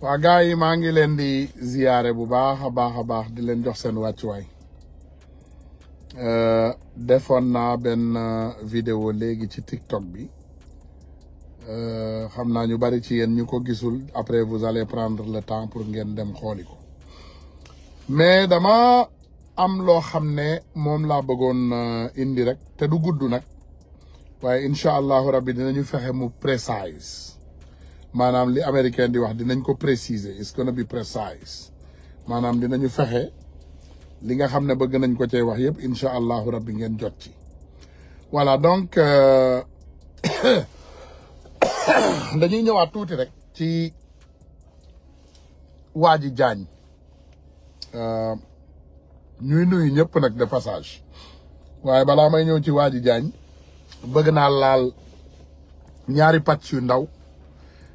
waa gaa yi maa ngi leen di ziare bu baax a baax a baax di leen jox seen wàccuwaay eh, defoon naa benn eh, vidéo léegi ci tiktok bi eh, xam naa ñu bari ci yéen ñu ko gisul après vous allez prendre le temps pour ngeen dem xooli ko mais dama am loo xam ne moom laa bëggoon indi rek te du gudd nag waaye incha allahu rabbi dinañu fexe mu précise manam li américain di wax dinañ ko préciser it's gonna be precise manam dinañu fexé li nga xamné bëgg nañ ko cee wax yépp inshallah rabbi ngeen jot ci voilà donc euh, dañuy ñëwaat tuuti rek ci waji ji euh ñuy nuyu ñëpp nak de passage waye bala may ñëw ci waji bëgg na laal ñaari patch yu ndaw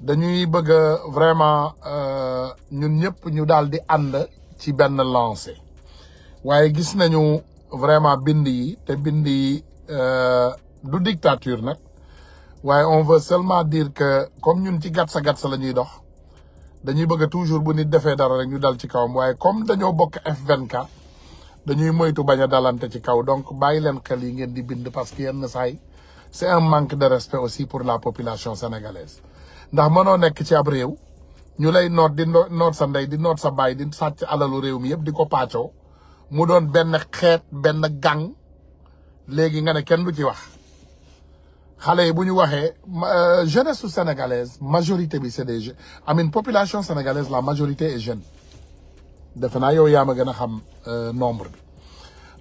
dañuy bëgg a vraiment euh, ñun ñëpp ñu daal di ànd ci benn lancé waaye gis nañu vraiment bindi te bind euh, du dictature nak waaye on veut seulement dire que comme ñun ci gatsa gatsa lañuy dox dañuy bëgg toujours bu nit défé dara rek ñu dal ci kawam waye comme dañoo bokk F24 dañuy moytu baña a dalante ci kaw donc bàyyi leen xel yi ngeen di bind parce que yenn saay c'est un manque de respect aussi pour la population sénégalaise ndax mënoo nekk ci ab réew ñu lay noot di noot sa ndey di noot sa baay di sàcc alalu réew mi yëpp di ko paacoo mu doon benn xeet benn gang léegi nga ne kenn lu ci wax xale yi bu ñu waxee euh, jeunesse su sénégalaise majorité bi c'est des amin population sénégalaise la majorité est jeune defe naa yow yaam ma gën a xam euh, nombre bi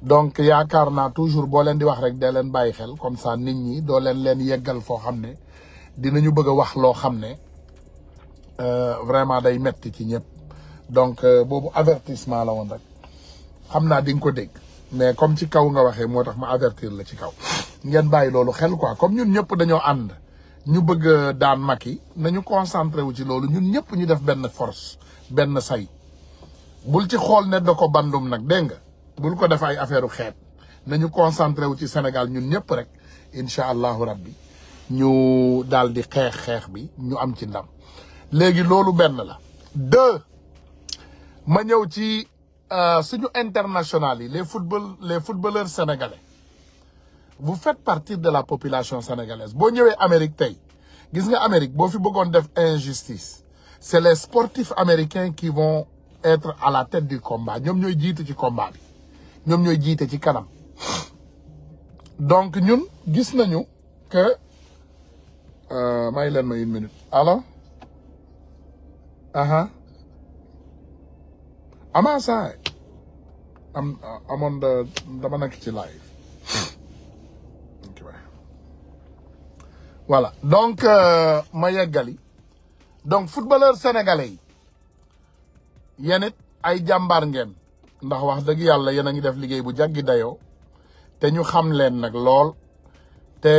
donc yaakaar naa toujours boo leen di wax rek dee leen bàyyi xel comme ça nit ñi doo leen leen yeggal foo xam ne dinañu bëgg a wax loo xam ne euh, vraiment day metti ci ñëpp donc euh, boobu avertissement la woon rek xam naa di nga ko dégg mais comme ci kaw nga waxee moo tax ma avertir la ci kaw ngeen bàyyi loolu xel ko comme ñun ñëpp dañoo ànd ñu bëgg euh, daan Macky nañu concentré wu ci loolu ñun ñëpp ñu def benn force benn say bul ci xool ne da ko bandum nag dégg nga bul ko def ay affaire u xeet nañu concentré wu ci Sénégal ñun ñëpp rek incha allahu rabbi ñu dans di xeex Nous bi ñu am ci ndam léegi loolu benn la deux ma ñëw ci euh, suñu international les football les footballeurs sénégalais vous faites partie de la population sénégalaise boo ñëwee Amérique vous gis nga Amérique si fi bëggoon def injustice c'est les sportifs américains qui vont être à la tête du combat Nous ñooy jiitu du combat nous ñoom ñooy jiite ci kanam donc nous, gis nañu que Uh, may len ma une minute allo aha uh-huh. Ama outside I'm uh, I'm on the dama live. ci live voilà donc euh, maya gali donc footballeur sénégalais yi ay jambar ngeen ndax wax deug yalla yena ngi def liggéey bu jaggi dayo te ñu xam leen nak lool te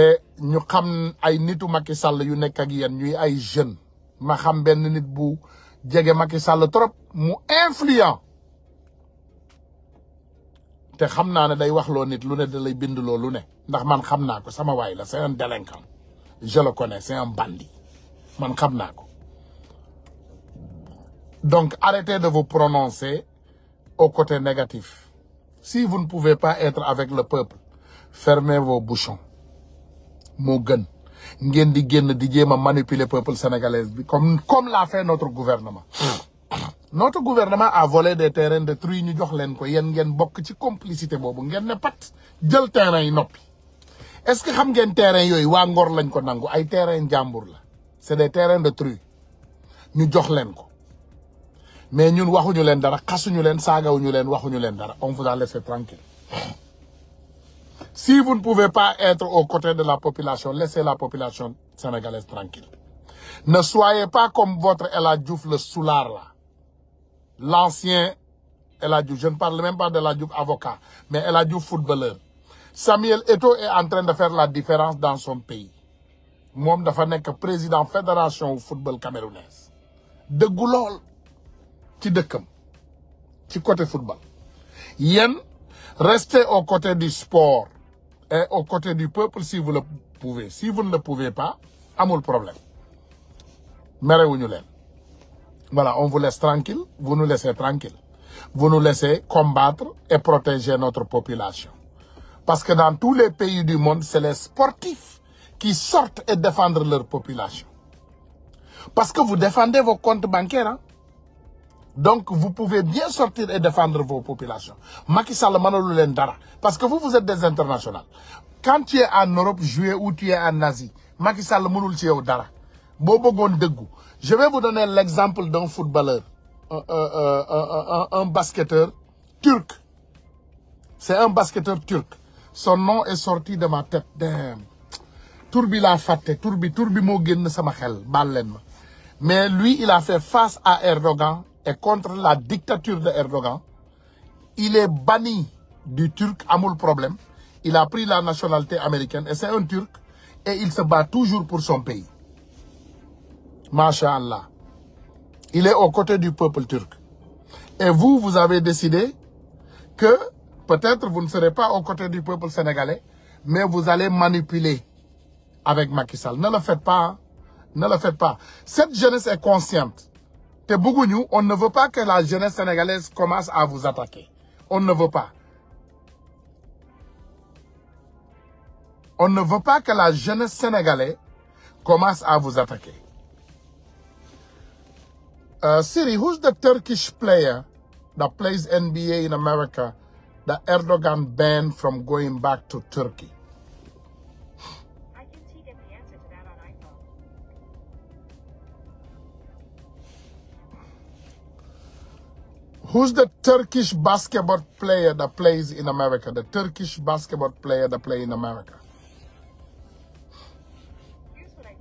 ñu xam ay nitu Macky Sall yu nekk ak yéen ñuy ay jeunes ma xam benn nit bu jege Macky Sall trop mu influent té xamna naa day wax lo nit lu ne da lay bind lo lu ne ndax man xam naa ko sama way la c'est un délinquant je le connais c'est un bandit man xam naa ko donc arrêtez de vous prononcer au côté négatif si vous ne pouvez pas être avec le peuple fermez vos bouchons moo gën di peuple sénégalais comme comme l'a fait notre gouvernement. notre gouvernement a volé des terrains de truie ñu jox len ko complicité Il n'y ne pat jël terrain est-ce que xam un terrain yoy wa Ngor lañ ko nangu terrain c'est des terrains de truie jox mais nous, avons dara nous, nous on vous a laissé tranquille si vous ne pouvez pas être aux côtés de la population, laissez la population sénégalaise tranquille. Ne soyez pas comme votre Eladjouf, le soulard là. L'ancien Eladjouf. Je ne parle même pas d'Eladjouf avocat, mais Eladjouf footballeur. Samuel Eto est en train de faire la différence dans son pays. je suis que président fédération football camerounaise de Goulol, ci Tu ci côté football Yen Restez aux côtés du sport et aux côtés du peuple si vous le pouvez. Si vous ne le pouvez pas, de problème. Mais voilà on vous laisse tranquille vous nous laissez tranquille vous nous laissez combattre et protéger notre population parce que dans tous les pays du monde c'est les sportifs qui sortent et défendent leur population parce que vous défendez vos comptes bancaires hein. Donc, vous pouvez bien sortir et défendre vos populations. Parce que vous, vous êtes des internationaux. Quand tu es en Europe jouer ou tu es en Asie, Je vais vous donner l'exemple d'un footballeur, un, basketteur turc. C'est un basketteur turc. Son nom est sorti de ma tête. l'a Mais lui, il a fait face à Erdogan et contre la dictature de Erdogan. Il est banni du Turc, Amoul problème. Il a pris la nationalité américaine et c'est un Turc. Et il se bat toujours pour son pays. Masha'Allah. Il est aux côtés du peuple turc. Et vous, vous avez décidé que peut-être vous ne serez pas aux côtés du peuple sénégalais, mais vous allez manipuler avec Macky Sall. Ne le faites pas. Hein. Ne le faites pas. Cette jeunesse est consciente on ne veut pas que la jeunesse sénégalaise commence à vous attaquer on ne veut pas on ne veut pas que la jeunesse sénégalaise commence à vous attaquer euh, Siri who's the Turkish player that plays NBA in America that Erdogan banned from going back to Turkey Who's the Turkish basketball player that plays in America? The Turkish basketball player that plays in America. Here's what I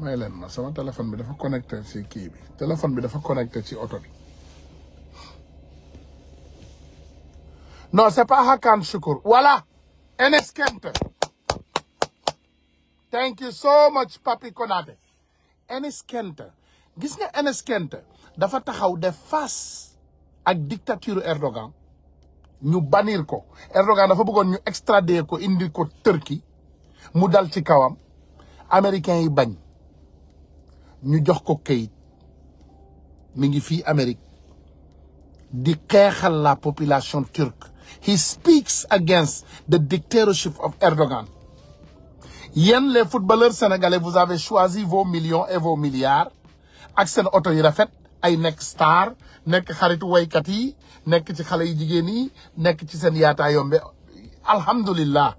May 8, ma sama téléphone bi dafa connecté ci kii bi téléphone bi dafa connecté ci oto bi. non c'est pas Hakan Şükür voilà Enes Kanter thank you so much Papi Konaté Enes Kanter gis nga Enes Kanter dafa taxaw def face ak dictature Erdogan ñu banir ko Erdogan dafa bëggoon ñu extrader ko indi ko Turquie mu dal ci kawam américains yi bañ ñu jox ko kayit mi ngi Amérique di la population turque he speaks against the dictatorship of Erdogan Yen les footballeurs sénégalais vous avez choisi vos millions et vos milliards Axel seen oto yi ay star Nek xaritu waykat Nek nekk ci xale yu jigéen ci yombe alhamdulillah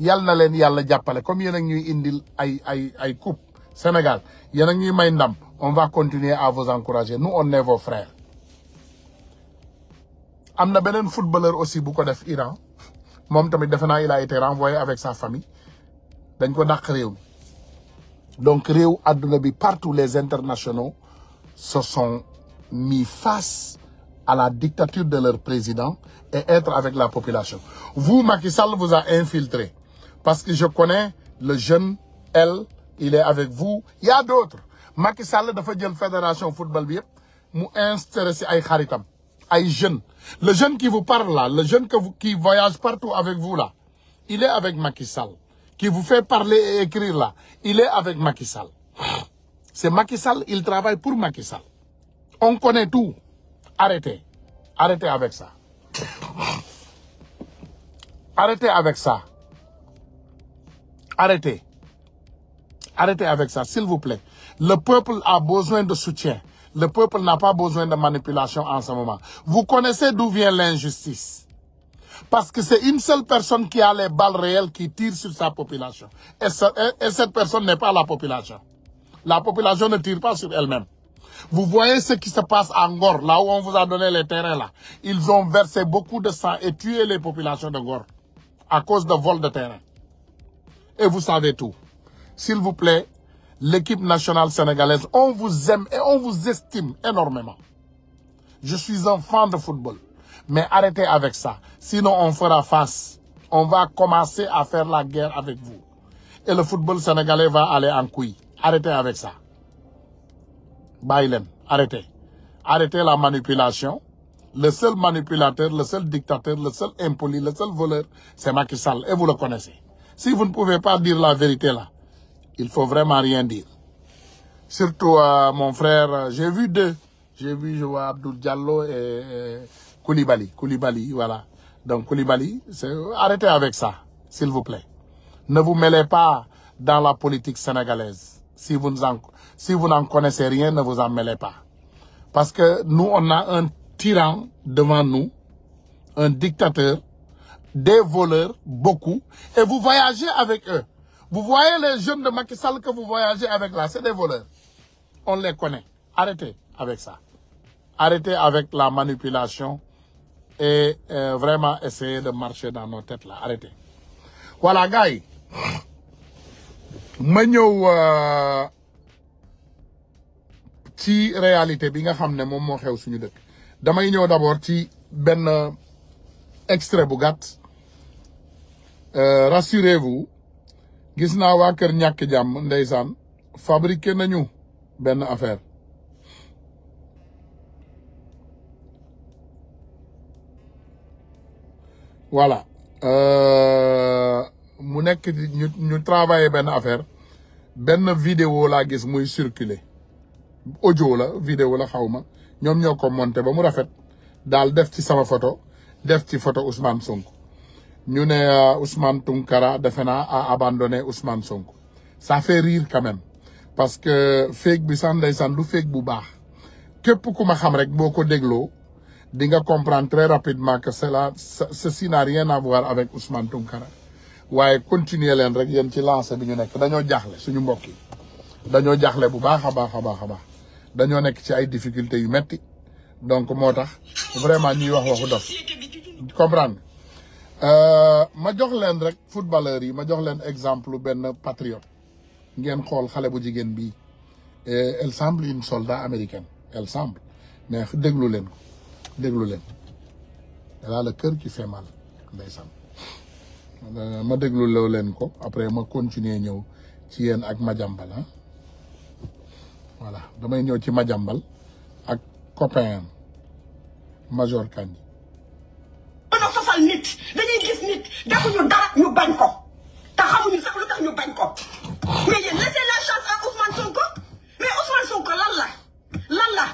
yal na yalla yàlla comme Yen ak ñuy indil ay ay ay coupe Sénégal Y'en ak ñuy ndam on va continuer à vous encourager nous on est vos frères Amna un footballeur aussi bu ko def Iran moom tamit defe il a été renvoyé avec sa famille donc réew aduna partout les internationaux se sont mis face à la dictature de leur président et être avec la population. Vous, Macky Sall, vous a infiltré. Parce que je connais le jeune, elle, il est avec vous. Il y a d'autres. Macky Sall, de fait, la fédération football, m'a intéressé à Kharitam, à jeunes. Le jeune qui vous parle là, le jeune que vous, qui voyage partout avec vous là, il est avec Macky Sall qui vous fait parler et écrire là, il est avec Macky Sall. C'est Macky Sall, il travaille pour Macky Sall. On connaît tout. Arrêtez. Arrêtez avec ça. Arrêtez avec ça. Arrêtez. Arrêtez avec ça, s'il vous plaît. Le peuple a besoin de soutien. Le peuple n'a pas besoin de manipulation en ce moment. Vous connaissez d'où vient l'injustice. Parce que c'est une seule personne qui a les balles réelles qui tire sur sa population. Et, cette personne n'est pas la population. La population ne tire pas sur elle-même. Vous voyez ce qui se passe en Gore, là où on vous a donné les terrains là. Ils ont versé beaucoup de sang et tué les populations de Gore à cause de vol de terrain. Et vous savez tout. S'il vous plaît, l'équipe nationale sénégalaise, on vous aime et on vous estime énormément. Je suis un fan de football. Mais arrêtez avec ça. Sinon, on fera face. On va commencer à faire la guerre avec vous. Et le football sénégalais va aller en couille. Arrêtez avec ça. Bailen, arrêtez. Arrêtez la manipulation. Le seul manipulateur, le seul dictateur, le seul impoli, le seul voleur, c'est Macky Sall. Et vous le connaissez. Si vous ne pouvez pas dire la vérité là, il faut vraiment rien dire. Surtout euh, mon frère, euh, j'ai vu deux. J'ai vu, je vois Abdul Diallo et Koulibaly, Koulibaly, voilà. Donc Koulibaly, arrêtez avec ça, s'il vous plaît. Ne vous mêlez pas dans la politique sénégalaise. Si vous n'en si connaissez rien, ne vous en mêlez pas. Parce que nous, on a un tyran devant nous, un dictateur, des voleurs, beaucoup, et vous voyagez avec eux. Vous voyez les jeunes de Macky Sall que vous voyagez avec là, c'est des voleurs. On les connaît. Arrêtez avec ça. Arrêtez avec la manipulation et euh, vraiment essayer de marcher dans nos têtes là arrêtez voilà gars yi ma ñëw euh, ci réalité bi nga xam ne moom moo xew suñu dëkk damay d'abord ci ben extrait bu euh, rassurez-vous gis naa waa kër ñàkk fabriquer ndeysaan fabriqué nañu affaire voilà euh, mu nekk ñu ñu travailler benn affaire benn vidéo gis muy circuler audio la vidéo la xaw ma ñoom ñoo ba mu rafet daal def ci sama photo def ci photo Ousmane Sonko ñu ne euh, Ousmane Tounkara defe naa a abandonné Ousmane Sonko ça fait rire parce que fake bi sax ndeysaan du fake bu baax képp ku ma xam rek boo ko dégloo Dinga comprendre très rapidement que cela, ceci n'a rien à voir avec Ousmane Tounkara waaye continuer leen rek yéen ci lancé bi ñu nekk dañoo jaaxle suñu mbokk yi dañoo jaaxle bu baax a baax a baax a baax dañoo nekk ci ay difficultés yu metti donc moo vraiment ñuy wax waxu dof comprendre euh, ma jox leen rek footballeur yi ma jox leen exemple benn patriote ngeen xool xale bu jigéen bii elle semble une soldat américaine elle semble mais ko déglu leen yàlla kër qui fait mal ma déglu loo leen ko après ma continuer ñëw ci yéen ak Madiambal ah voilà damay ñëw ci majambal ak copain major Kandji bëgg a fasal nit dañuy gis nit defuñu dara ñu bañ ko te xamuñu sax lu tax ñu bañ ko mais yéen laissez la chance à Ousmane Sonko mais Ousmane Sonko lan la lan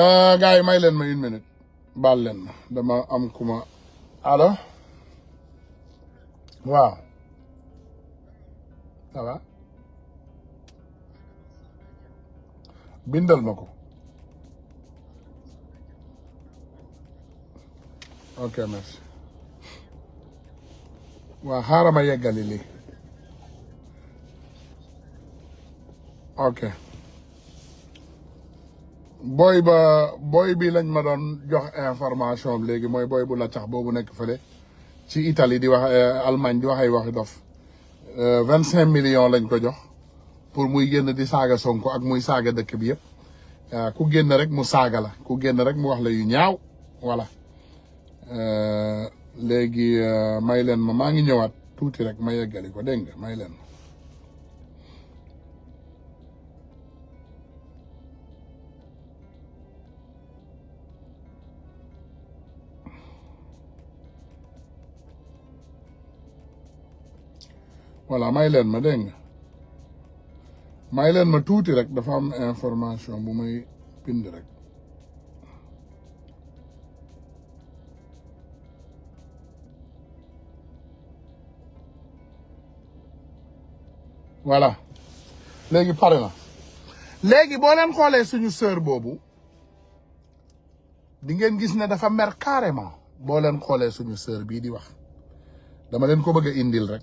Euh, gars yi may leen ma une minute baal leen ma dama am ku ma allo waaw ça va bindal ma ko ok waaw xaaral ma yeggali lii booy ba booy bi lañ ma doon jox information léegi mooy booy bu la tax boobu nekk fële ci Italie di wax eh, Allemagne di wax ay waxi dof eh, vingt cinq million lañ ko jox pour muy génn di saaga Sonko ak muy saaga dëkk bi yëpp eh, ku génn rek mu saaga la ku génn rek mu wax la yu ñaaw voilà léegi may leen ma maa ngi ñëwaat tuuti rek ma yeggali ko dégg nga may leen voilà may leen ma dégg nga may leen ma tuuti rek dafa am information bu may bind rek voilà léegi pare na léegi boo leen xoolee suñu sœur boobu di ngeen gis ne dafa mer carrément boo leen xoolee suñu sœur bii di wax dama leen ko bëgg a indil rek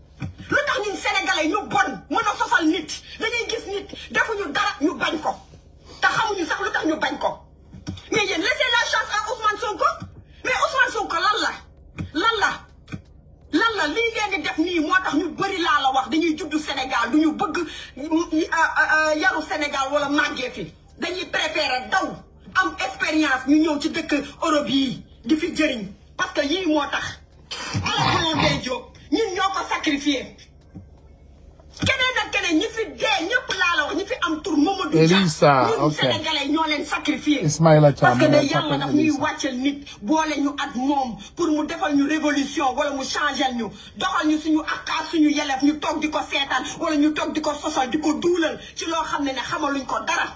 Sénégalais ñu bon mën a sosal nit dañuy gis nit defuñu dara ñu bañ ko te xamuñu sax tax ñu bañ ko mais yéen laissez la chance à Ousmane Sonko mais Ousmane Sonko lan la lan la lan lii ngeen def nii moo tax ñu bëri laa la wax dañuy juddu Sénégal du ñu bëgg euh, euh, euh, yaru Sénégal wala màggee dañuy préférer daw am expérience ñu ñëw ci dëkk Europe yii di fi jëriñ parce que yii moo tax ala kolon day jóg ñun ñoo ko sacrifié keneen ak keneen ñi fi dee ñëpp laa la fi am tur Mamadou Dia Elisa ok sénégalais ñoo leen sacrifié Ismaïla Thiam parce ñuy wàccel nit boole ñu ak moom pour mu defal ñu révolution wala mu changel ñu doxal ñu suñu akkaat suñu yelef ñu toog di ko seetaan wala ñu toog di ko sosal di ko duulal ci loo xam ne ne xamaluñ ko dara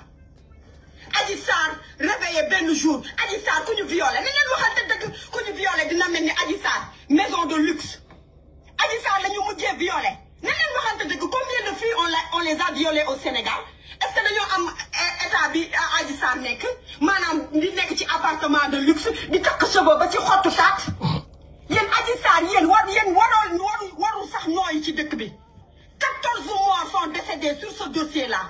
Adji Sarr réveillé benn jour Adji Sarr ku ñu violé na leen waxante dëgg ku ñu violé dina mel ni Adji Sarr maison de luxe Adji Sarr la ñu mujjee violé na leen dëgg combien de filles on on les a violées au Sénégal est-ce que dañoo am eh, état bi eh, Adji Sarr nekk maanaam di dans ci appartement de luxe di takk cheveux ba ci xottu taat yéen Adji Sarr yéen war yéen waroon waru warul sax nooyi ci dëkk bi 14 morts sont décédés sur ce dossier là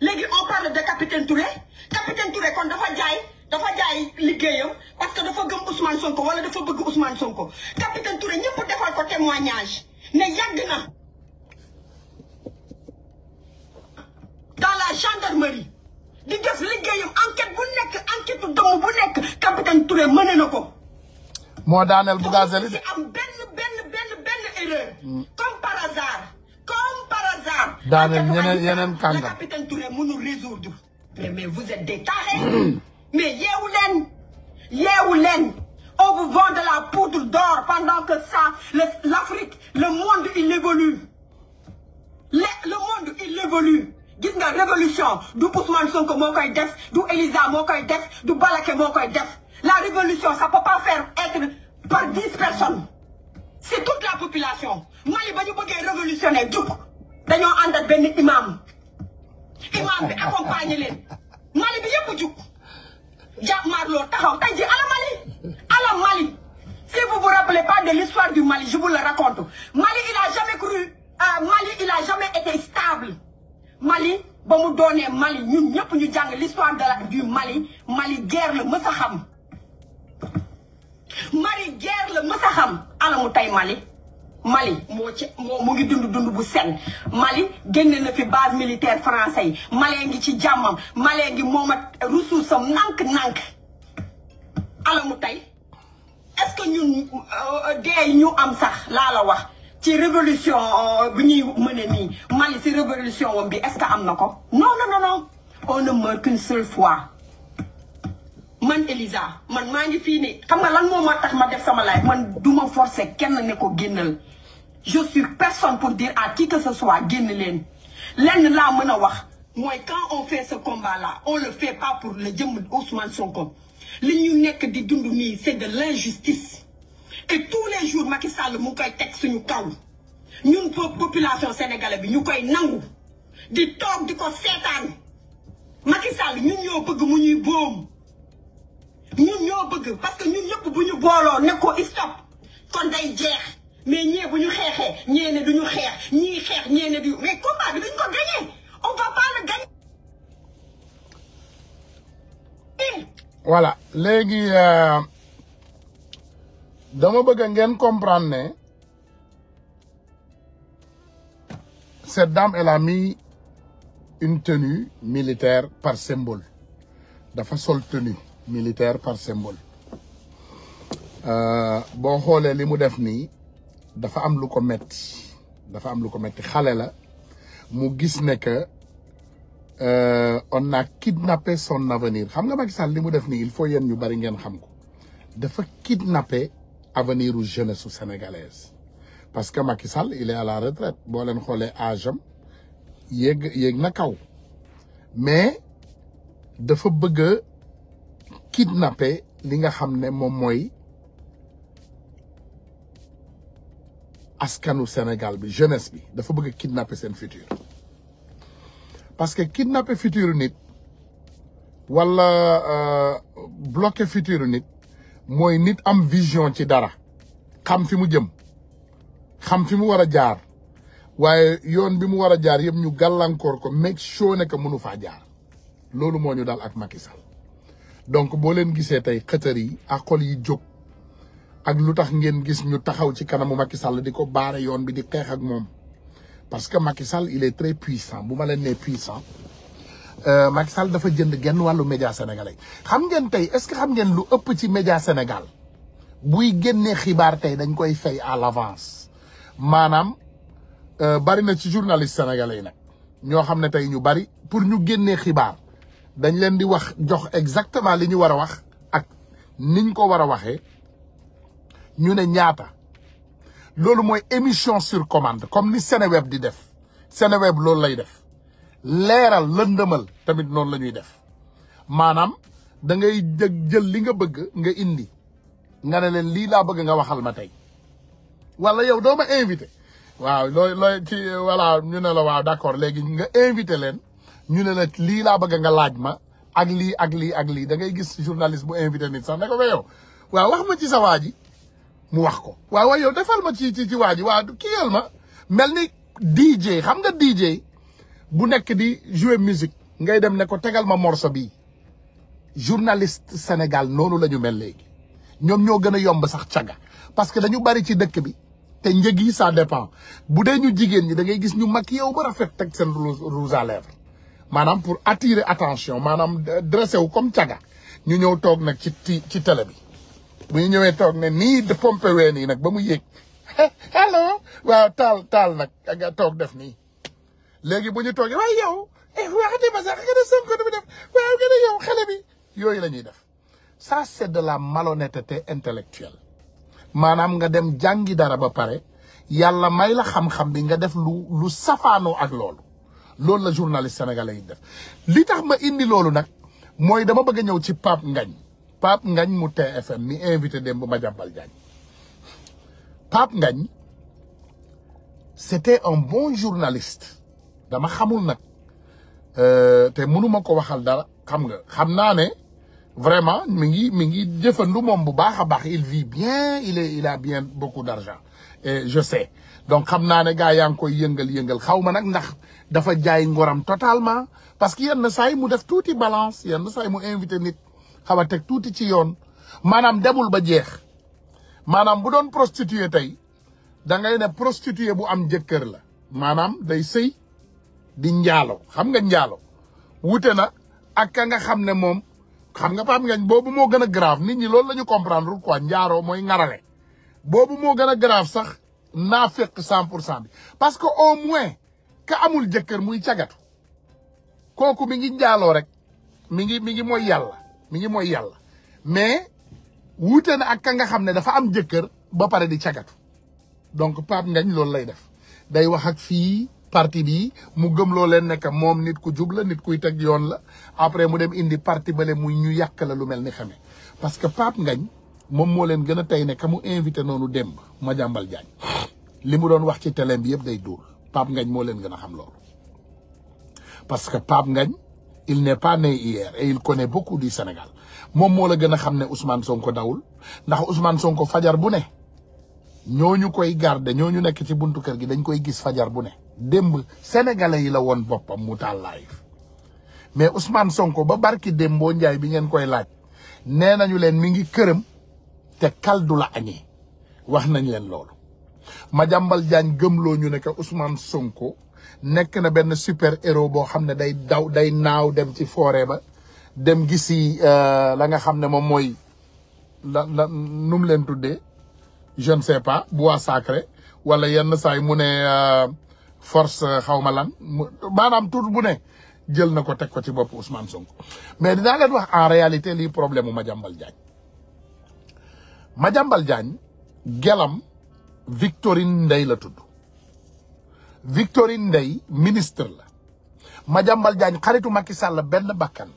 léegi on parle de capitaine Touré capitaine Touré kon dafa jaay dafa jaay liggéeyam parce que dafa gëm Ousmane Sonko wala dafa bëgg Ousmane Sonko capitaine Touré ñëpp defal ko témoignage a yàgg na dans la gendarmerie di def liggéeyam enquête bu enquête de bu nek capitaine Touré mëne Moi, ko. moo daaneel am benn benn benn benn erreur. comme par hasard. comme par hasard. Daniel capitaine Touré mënul résoudre. mais mais vous êtes des tarés. mais yeewu leen. on vous vend de la poudre d'or pendant que ça l'Afrique le monde il évolue le monde il évolue gis nga révolution du Ousmane Sonko moo koy def du Elisa moo koy def du Balake moo koy def la révolution ça peut pas faire être par 10 personnes c'est toute la population Mali bañu ñu bëggee révolutionnaire jub dañoo ak imam imam bi accompagner leen Mali bi yëpp jug jàmmaarloo taxaw tey ji ala Mali ala Mali si vous vous rappelez pas de l'histoire du Mali je vous la raconte Mali il a jamais cru euh, Mali il a jamais été stable Mali ba mu doonee Mali ñun ñëpp ñu jàng l'histoire de la du Mali Mali guerre la mës xam Mali guerre la mës a xam alamu tey Mali Mali moo ci moo mu ngi dund dund bu sen Mali génne na fi base militaire français yi Malee ngi ci jàmmam Malee ngi moom a ressource am nànk-nànk alamu tey est-ce que ñun euh, euh, dee ñu am sax laa la wax ci révolution euh, bu ñuy mëne nii Mali si révolution wam bi est-ce que ko non non non on ne meurt qu'une seule fois man Elisa man ma ngi fii nii xam nga lan moo ma tax ma def sama life man du forcer kenn ne ko je suis personne pour dire à qui que ce soit genn len len la mën a wax moy quand on fait ce combat là on le fait pas pour le jëm Ousmane Sonko li ñu nekk di dund ni c'est de l'injustice et tous les jours Macky Sall nous Nous, Nous, population sénégalaise nous nous, nangu di nous, nous, nous nous nous nous nous Nous boom parce que nous nous Nous Nous stop nous mais nous nous nous, nous nous nous Nous nous Nous Nous mais comment Nous gagné on va pas le gagner. voilà nous, dama bëgg ngeen comprendre cette dame elle a mis une tenue militaire par symbole dafa sol tenue militaire par symbole euh bo li limu def dafa am luko metti am luko metti xalé euh, on a kidnappé son avenir xam nga il faut vous avenir aux jeunesse sénégalaises sénégalaise parce que Macky Sall il est à la retraite boo leen xoolee âge il est à na mais il bëgg kidnapper li nga xam ne moom Sénégal bi jeunesse bi kidnapper son futur parce que kidnapper futur nit wala euh, bloquer futur mooy nit am vision ci dara xam fi mu jëm xam fi mu war a jaar waaye yoon bi mu war a jaar yëpp ñu gàllankoor ko make sure ne que mënu faa jaar loolu moo ñu dal ak Macky donc boo leen gisee tey xëtër yi ak xol yi jóg ak lu tax ngeen gis ñu taxaw ci kanamu Macky Sall di ko baare yoon bi di xeex ak moom parce que Macky Sall il est très puissant bu ma leen nee puissant Euh, Macky Sall dafa jënd genn wàllu média sénégale xam ngeen tey est-ce que xam ngeen lu ëpp ci média Sénégal buy génnee xibaar tey dañ koy fay à l'avance maanaam euh, bari na ci journaliste sénégalais yi nag ñoo xam ne tey ñu bari pour ñu génnee xibaar dañ leen di wax jox exactement li ñu war a wax ak niñ ko war a waxee ñu ne ñaata loolu mooy émission sur commande comme ni Seneweb di def Seneweb loolu lay def leeral lëndëmal tamit noonu la ñuy def maanaam dangay ngay jël li nga bëgg nga indi nga ne leen lii laa bëgg nga waxal ma tey walla yow doo ma invité waaw looy looy ci voilà ñu ne la waaw d'accord léegi nga invité leen ñu ne la lii laa bëgg nga laaj ma ak lii ak lii ak lii da ngay gis journaliste bu invité nit sax ne ko ba yow wax ma ci sa waaji mu wax ko waaw waaw yow defal ma ci ci ci waa ji waaw ma mel ni DJ xam nga DJ bu nekk di jouer musique ngay dem ne ko tegal ma morso bi journaliste Sénégal noonu la ñu mel léegi ñoom ñoo gën a yomb sax caga parce que dañu bari ci dëkk bi te njëg sa ça dépend bu dee ñu jigéen ñi da ngay gis ñu mag yow ba rafet teg seen rouge à lèvres maanaam pour attirer attention maanaam dressé wu comme caga ñu ñëw toog nekk ci ci télé bi bu ñu ñëwee toog ne nii de pompé ween nag ba mu yéeg allo waaw taal taal nag nga toog def nii légui buñu togué way yow eh, yow waxati ba sax nga ne Sonko du def waaw nga yow xalé bi yoy lañuy def ça c'est de la malhonnêteté intellectuelle manam nga dem jàngi dara ba paré yalla may la xam-xam bi nga def lu lu safano ak lolu lolu la journaliste sénégalais yi def li tax ma indi lolu nak moy dama bëgg ñëw ci pap Ngagne pap Ngagne mu TFM mi invité dem démb jabal Diagne pap Ngagne c'était un bon journaliste dama xamul euh, waxal dara xam nga vraiment mi ngi mi ngi mom bu il vit bien il est il a bien beaucoup d'argent et je sais donc xam naa ne koy yëngal-yëngal ndax dafa jaay totalement parce que yenn say mu def touti balance yenn say mu invité nit a touti ci yoon manam demul ba jeex manam bu doon prostituée tay da ngay prostituée bu am la manam day sëy di njaalo xam nga njaalo wuté na ak ka nga xamné mom xam nga pam ngañ bobu mo gëna grave nit ñi loolu lañu comprendre quoi njaaroo moy ngaralé bobu mo gëna grave sax nafiq 100% parce que au moins ka amul jëkkeur muy cagatu koku mi ngi njaaloo rek mi ngi mi ngi moy yalla mi ngi moy yalla mais wuté na ak nga xamné dafa am jëkkeur ba paré di cagatu donc paam ngañ loolu lay def day wax ak fi parti bi mu gëmloo leen nekk moom nit ku jub la nit kuy teg yoon la après mu dem indi parti bale mu ñu yàq la lu mel ni xame parce que Pape Ngagne moom moo leen gën a tey ne ka mu invité noonu ma Madiambal Diagne li mu doon wax ci télé bi yëpp day dóor Pape ngañ moo leen gën a xam loolu parce que Pape ngañ il n'est pas né hier et il connaît beaucoup du Sénégal moom moo la gën a xam ne Ousmane Sonko dawul ndax Ousmane Sonko fajar bu ne ñooñu koy garde ñu nekk ci buntu kër gi dañ koy gis fajar bu ne démb sénégalais yi la woon boppam mu taal live mais Ousmane Sonko ba barki démboo njaay bi ngeen koy laaj nee nañu leen mi ngi këram te kaldu la añee wax nañ leen loolu ma Madiambal Diagne gëmloo ñu ne que Ousmane Sonko nekk na benn super héros boo xam ne day daw day naaw dem ci forêt ba dem gisi euh, la nga xam ne moom mooy la la nu leen tuddee je ne sais pas bois sacré wala yenn say mu euh, force euh, xawma lan manam tout bu ne djel nako tek ko ci bop Ousmane Sonko mais dina leen wax en réalité li problème jambal djagn ma jambal djagn gelam Victorine ndey la tuddu Victorine ndey ministre la jambal djagn xaritou Macky Sall ben bakkan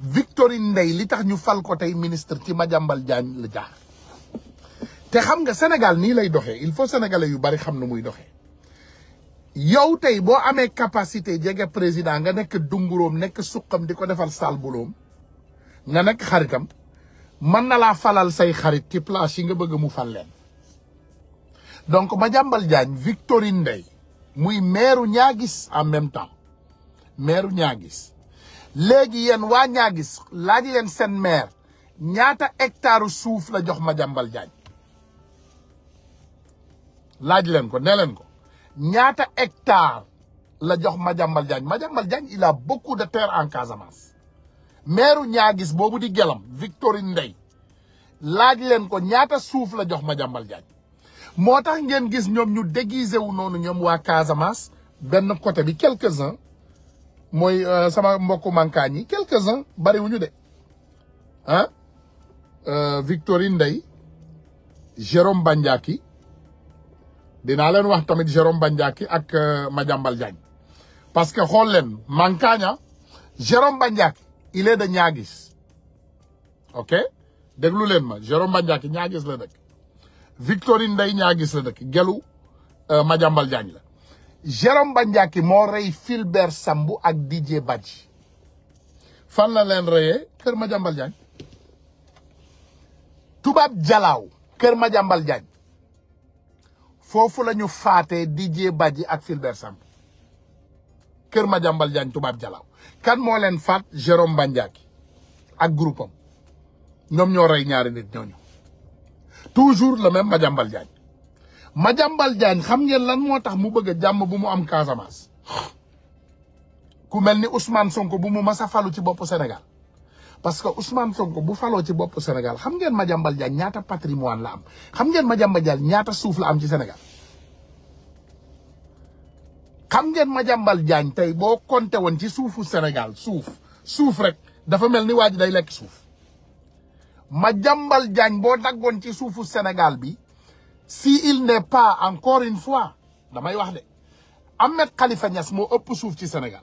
Victorine ndey li tax ñu fal ko tay ministre ci jambal djagn la jax te xam nga Sénégal nii lay doxee il faut sénégalais yu bari xam na muy doxe yow tey boo amee capacité jege président nga nekk dunguróom nekk suqam di ko defal salbuloom nga nekk xaritam man na laa falal say xarit ci place yi nga bëgg mu fal leen donc Madiambal Diagne Victorine Ndeye muy meeru ñaagis en même temps meeru ñaagis léegi yéen waa ñaa gis laaj leen seen maire ñaata hectare suuf la jox ma Madiambal Diagne laaj leen ko ne leen ko ñaata hectare la jox Madiambal Diagne Madiambal Diagne il a beaucoup de terre en Casamance meeru gis boobu di gelam Victorine Ndeye laaj leen ko ñaata suuf la jox Madiambal Diagne moo tax ngeen gis ñoom ñu déguisé wu noonu ñoom waa Casamance benn côté bi quelques-uns mooy euh, sama mbokku mankaañ yi quelques-uns bariwuñu de ah euh, Victorine Ndeye Jérôme Bandiaki dinaa leen wax tamit Jérôme Bandiaky ak euh, Madiambal Diagne parce que xool leen Mankaña Jérôme Bandiaky il est de Niaguis ok déglu leen ma Jérôme Bandiaky Niaguis la dëkk Victorine Ndeye Niaguis la dëkk gelu euh, Madiambal Diagne la Jérôme Bandiaky moo rey Fulbert Sambou ak Didier Badji fan la leen reyee kër Madiambal Diagne tubaab jalaaw kër Madiambal Diagne foofu la ñu faatee Didier Badji ak Fulbert Kër Madiambal Diagne tubaab jalaaw kan moo leen faat Jérôme Bandiaki ak groupe ñoom ñoo rey ñaari nit ñooñu toujours le même Madiambal Diagne Madiambal Diagne xam ngeen lan moo tax mu bëgg a jàmm mu am Casamance ku mel ni Ousmane Sonko bu mu mas a falu ci bopp Sénégal parce que Ousmane Sonko bu falo ci bop Sénégal xam ngeen Madiambal Diagne ñaata patrimoine la am xam ngeen Madiambal Diagne ñaata souf la am ci Sénégal xam ngeen Madiambal Diagne tay bo konté won ci suufu Sénégal souf souf rek dafa melni waji waa ji day lekk suuf Madiambal Diagne boo ci suufu Sénégal bi si il n'est pas encore une fois damay wax de Ahmed Khalifa Niass mo ëpp souf ci Sénégal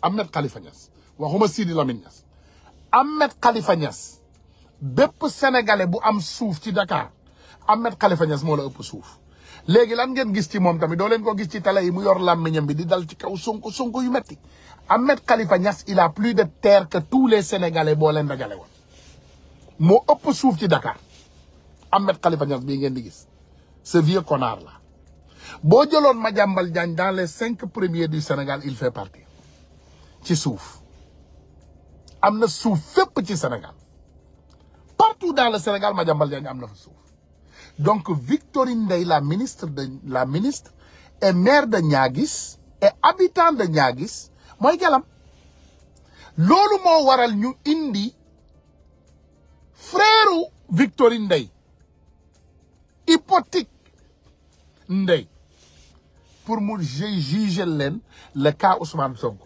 Ahmed Khalifa Niass waxuma Sidi Lamine Niass Ahmed Khalifa Niass bép sénégalais bu am souf ci Dakar Ahmed Khalifa Niass mo la ëpp souf légui lan ngeen gis ci mom tamit do leen ko gis ci télé yi mu yor làmmiñam bi di dal ci kaw Sonko Sonko yu metti Ahmed Khalifa Niass il a plus de terre que tous les sénégalais bo leen dajale won mo ëpp souf ci Dakar Ahmed Khalifa Niass bi ngeen di gis ce vieux connard là boo jëloon Madiambal Diagne dans les cinq premiers du Sénégal il fait partie ci souf amna souf suuf ci Sénégal partout dans le Sénégal Madiambal Diagne amna souf donc Victorine Ndeye la ministre de la ministre est maire de Niagis et habitant de Niaguis moy gelam loolu mo waral ñu indi frère Victorine Ndeye hypothique, Ndeye pour mu juger juge le cas Ousmane Sonko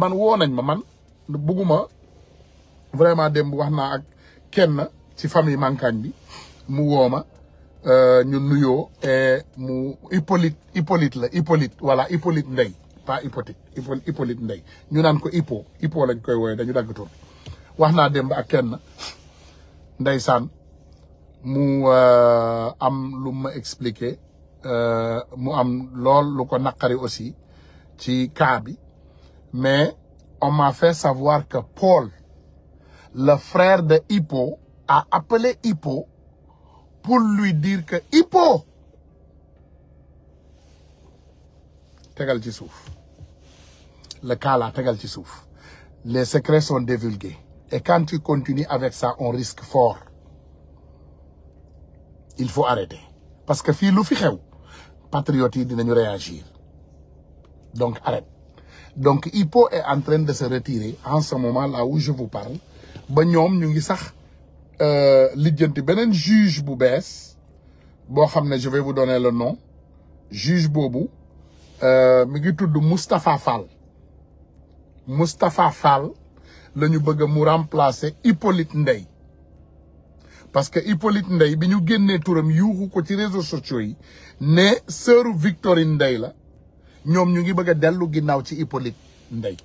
man woo nañ ma man bugguma vraiment démb wax naa ak kenn ci famille Mankagne bi mu woo ma euh, ñu nuyoo et mu Hippolyte Hippolyte la Hippolyte voilà Hippolyte Ndeye pas hypothèque Hippolyte Ndeye ñu naan ko Hippo Hippo lañ koy woowee dañu dagg tur wax naa démb ak kenn ndeysaan mu euh, am lu ma expliqué euh, mu am lool lu ko naqari aussi ci cas bi mais on m'a fait savoir que Paul, le frère de Hippo, a appelé Hippo pour lui dire que Hippo le cas là les secrets sont divulgués et quand tu continues avec ça on risque fort il faut arrêter parce que fii lu fi xew patriotes réagir donc arrête donc Hippo est en train de se retirer en ce moment là où je vous parle ba nous ñu ngi sax de euh, juge Boubès. Bon, je vais vous donner le nom juge Bobou. Euh, mi ngi Mustapha Mustafa Fall Mustafa Fall le ñu bëgg mu remplacer Hippolyte Ndeye parce que Hippolyte Ndeye bi ñu génnee turam yuuxu ko ci réseaux sociaux yi ne sœur Victorine Ndeye la ñom ñu ngi bëgg déllu ginnaw ci Hippolyte Ndeye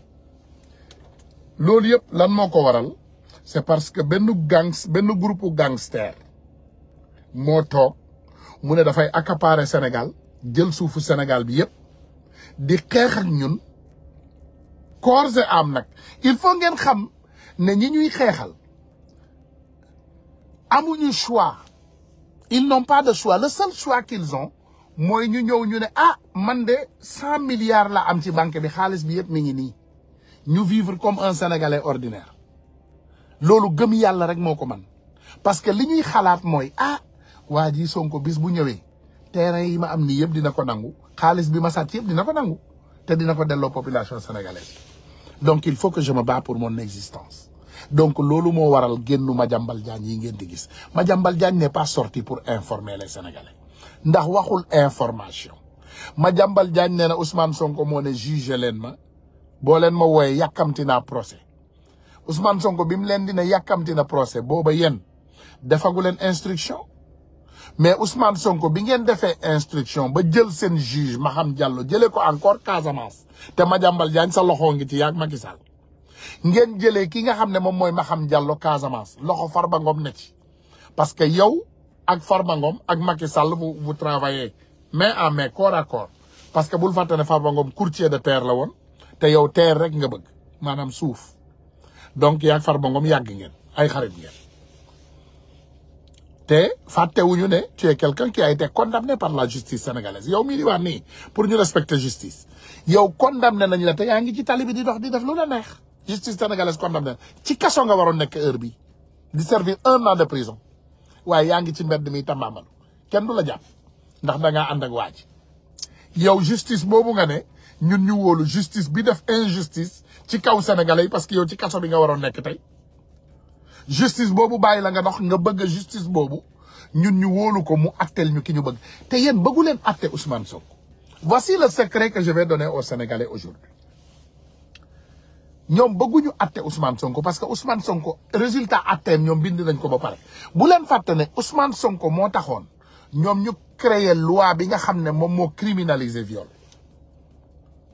lool yëpp lan moko waral c'est parce que benn gangs benn groupe gangster moto toog mu ne fay accaparer Sénégal jël suufu Sénégal bi yëpp di xeex ak ñun corps et âme il faut ngeen xam né ñi ñuy amuñu choix ils n'ont pas de choix le seul choix qu'ils ont moy ñu ñew ñu né ah man de 100 milliards la am ci banque bi xaalis bi yépp mi ngi ni ñu vivre comme un sénégalais ordinaire lolu gëm yalla rek moko man parce que li ñuy xalaat moy ah waa Sonko bis bu ñëwé terrain yi ma am ni yépp dina ko nangu xaalis bi ma sat yépp dina ko nangu té dina ko delloo population sénégalaise donc il faut que je me bats pour mon existence donc lolu mo waral génnu ma Diagne yi ngeen di gis jambal Diagne n'est pas sorti pour informer les sénégalais ndax waxul information ma jambal na Ousmane Sonko mo ne juge len ma bo len ma woy yàkkamti procès Ousmane Sonko bim len dina di na procès booba yen defagu instruction mais Ousmane Sonko bi ngeen defé instruction ba jël sen juge Maham Diallo jëlé ko encore Casamance te jambal Diagne sa loxo ngi ci yak Macky ngeen ki nga xamné mom moy Maham Diallo Casamance loxo Farba Ngom ne ci parce que yow ak Farbangom, ak Macky Sall vous vous travaillez main à main corps à corps parce que vous fatane ne courtier de terre la won te yow terre rek nga bëgg manam souf donc yak farbangom yag yàgg ngeen ay xarit ngeen. te wuñu né tu es quelqu'un qui a été condamné par la justice sénégalaise yow mi di wax pour ñu respecter justice yow condamné nañ la te yaa ngi ci tali bi di dox di def lu la neex justice sénégalaise condamné ci kasso nga waroon nekk heure bi di servir un an de prison waaye yaangi ci mbedd mi tambaamalu kenn du la jàpp ndax da nga and ak waa yow justice bobu nga ne ñun ñu wolu justice bi def injustice ci kaw sénégalais parce que yow ci kasso bi nga waroon nekk tey justice bobu bàyyi la nga dox nga bëgg justice bobu ñun ñu wolu ko mu attel ñu ki ñu bëgg te yeen bëggulen atté Ousmane Sonko voici le secret que je vais donner aux Sénégalais aujourd'hui Nyom bëgguñu atté Ousmane Sonko parce que Ousmane Sonko résultat atté ñom bind nañ ko ba pare bu len faté né Ousmane Sonko mo taxone ñom ñu créer loi bi nga xamné mom mo criminaliser viol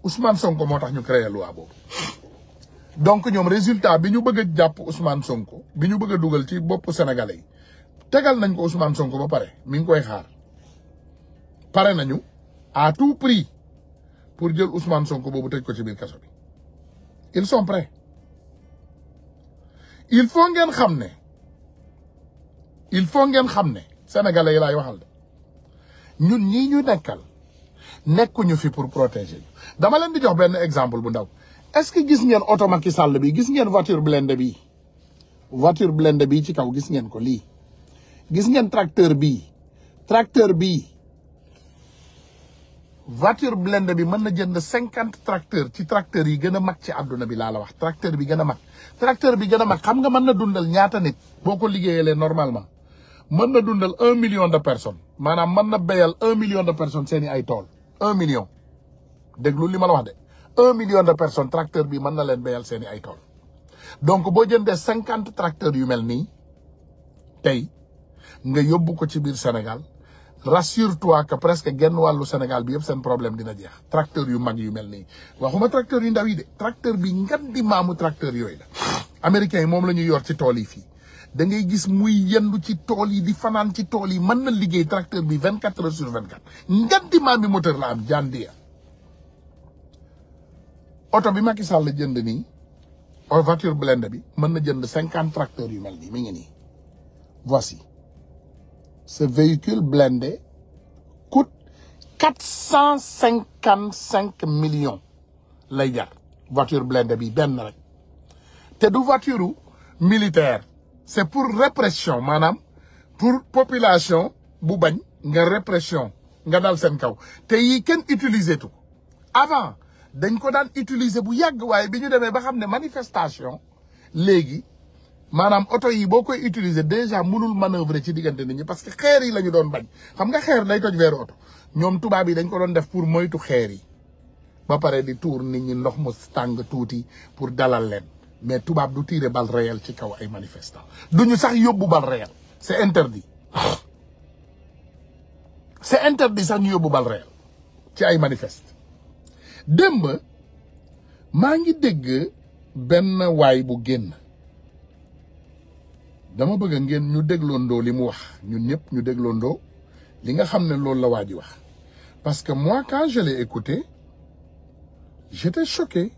Ousmane Sonko mo tax ñu créer loi bo donc ñom résultat bi ñu bëgg japp Ousmane Sonko bi ñu bëgg duggal ci bop sénégalais tégal tegal nañ ko Ousmane Sonko ba paré mi ngi koy xaar pare nañu à tout prix pour jël Ousmane Sonko bobu tej ko ci bir kasso ils sont prêts il faut ngeen le il faut ngeen xam le sénégalais yi waxal nous ñun là. pour protéger dama vais di jox un exemple est-ce que gis ngeen oto Macky bi gis voiture blindée bi voiture blindée bi ci kaw gis ko tracteur tracteur voiture blindée bi mën na jënd cinquante tracteur ci tracteur yi gën a mag ci àdduna bi laa la wax tracteur bi gën a mag bi gën a xam nga mën na dundal ñaata nit boo ko liggéeyalee normalement mën na dundal un million de personnes maanaam mën na béyal un million de personnes seen ay tool un million déglu li ma la wax de un million de personnes tracteur bi mën na leen béyal seen ay tool donc boo jëndee cinquante tracteurs yu mel nii tey nga yóbbu ko ci biir Sénégal rassure-toi que presque genn walu Sénégal bi yëpp sen problème dina jeex tracteur yu mag yu melni waxuma tracteur yu ndaw yi de tracteur bi di mamu tracteur yoy la américain yi moom la yor ci tool yi fi da ngay gis muy yendu ci tool yi di fanaan ci tool yi mën na liggéey tracteur bi 24 heures sur 24 quatre di mamu moteur la am jandia ya. auto bi Macky Sall jënd ni voiture blender bi mën na jënd 50 tracteurs yu melni mi ngi ni voici ce véhicule blindé coûte 455 millions Les gars, voiture blindée bien. rek C'est une voiture militaire c'est pour répression madame. pour population bu la répression nga dal seen kaw utiliser avant on ko daan utiliser bu yàgg manam auto yi bokoy utiliser déjà mënul manoeuvrer ci diggante nit ñi parce que xéer yi la doon bañ xam nga xéer day toj vers auto ñom tubaab yi dañ ko doon def pour moytu xéer yi ba paré di tour nit ñi ndox mu tang touti pour dalal leen mais tubaab du tirer balle réel ci kaw ay manifestants duñu sax yobbu balle réel c'est interdit c'est interdit sax ñu yobbu balle réel ci ay manifeste démb maa ngi dégg benn way bu génn dama bëgg ngeen ñu si li mu wax ñun ñëpp ñu li nga la parce que moi quand je l'ai écouté j'étais choqué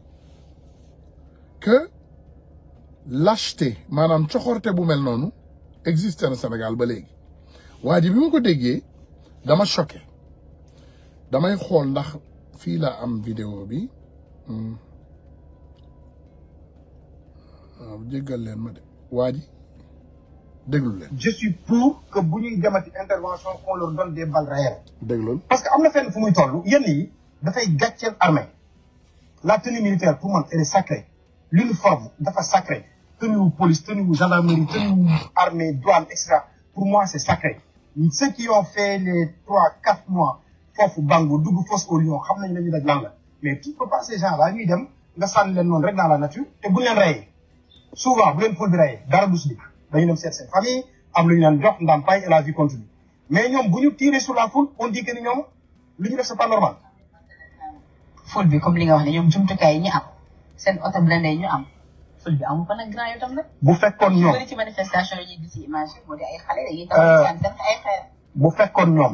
que lâcheté Madame coxorte bu mel noonu existe Sénégal ba léegi waa bi ko dama choqué damay xool ndax vidéo bi hmm. ah, je suis pour que bu ñuy une intervention qu'on leur donne des balles réelles. parce que am na fenn fu de yenn yi armée la tenue militaire pour moi, elle est sacrée l'uniforme dafa sacré tenue de police tenue de gendarmerie tenue d'armée, armée douane etc. pour moi c'est sacré ceux qui ont fait les 3-4 mois foofu bango double foss au Lyon, ils nañu la mais tu peux pas ces gens là ñuy dem nga dans la nature ils ne leen souvent ils ne ful pas Ils dara du dañu dem seet seen famille am lu ñu leen jox ndàmpaay et la vie continue mais ñoom bu ñu tiré sur la foule on dit que ni ñoom lu ñu def c'est pas normal. foule bi comme li nga wax ne ñoom jumtukaay yi ñu am seen oto blindé yi ñu am foule bi amu ko nag grand yow tam nag. bu fekkoon ñoom ci manifestation yi di ci image yi moo di ay xale dañuy taw euh, ay xeer. bu fekkoon ñoom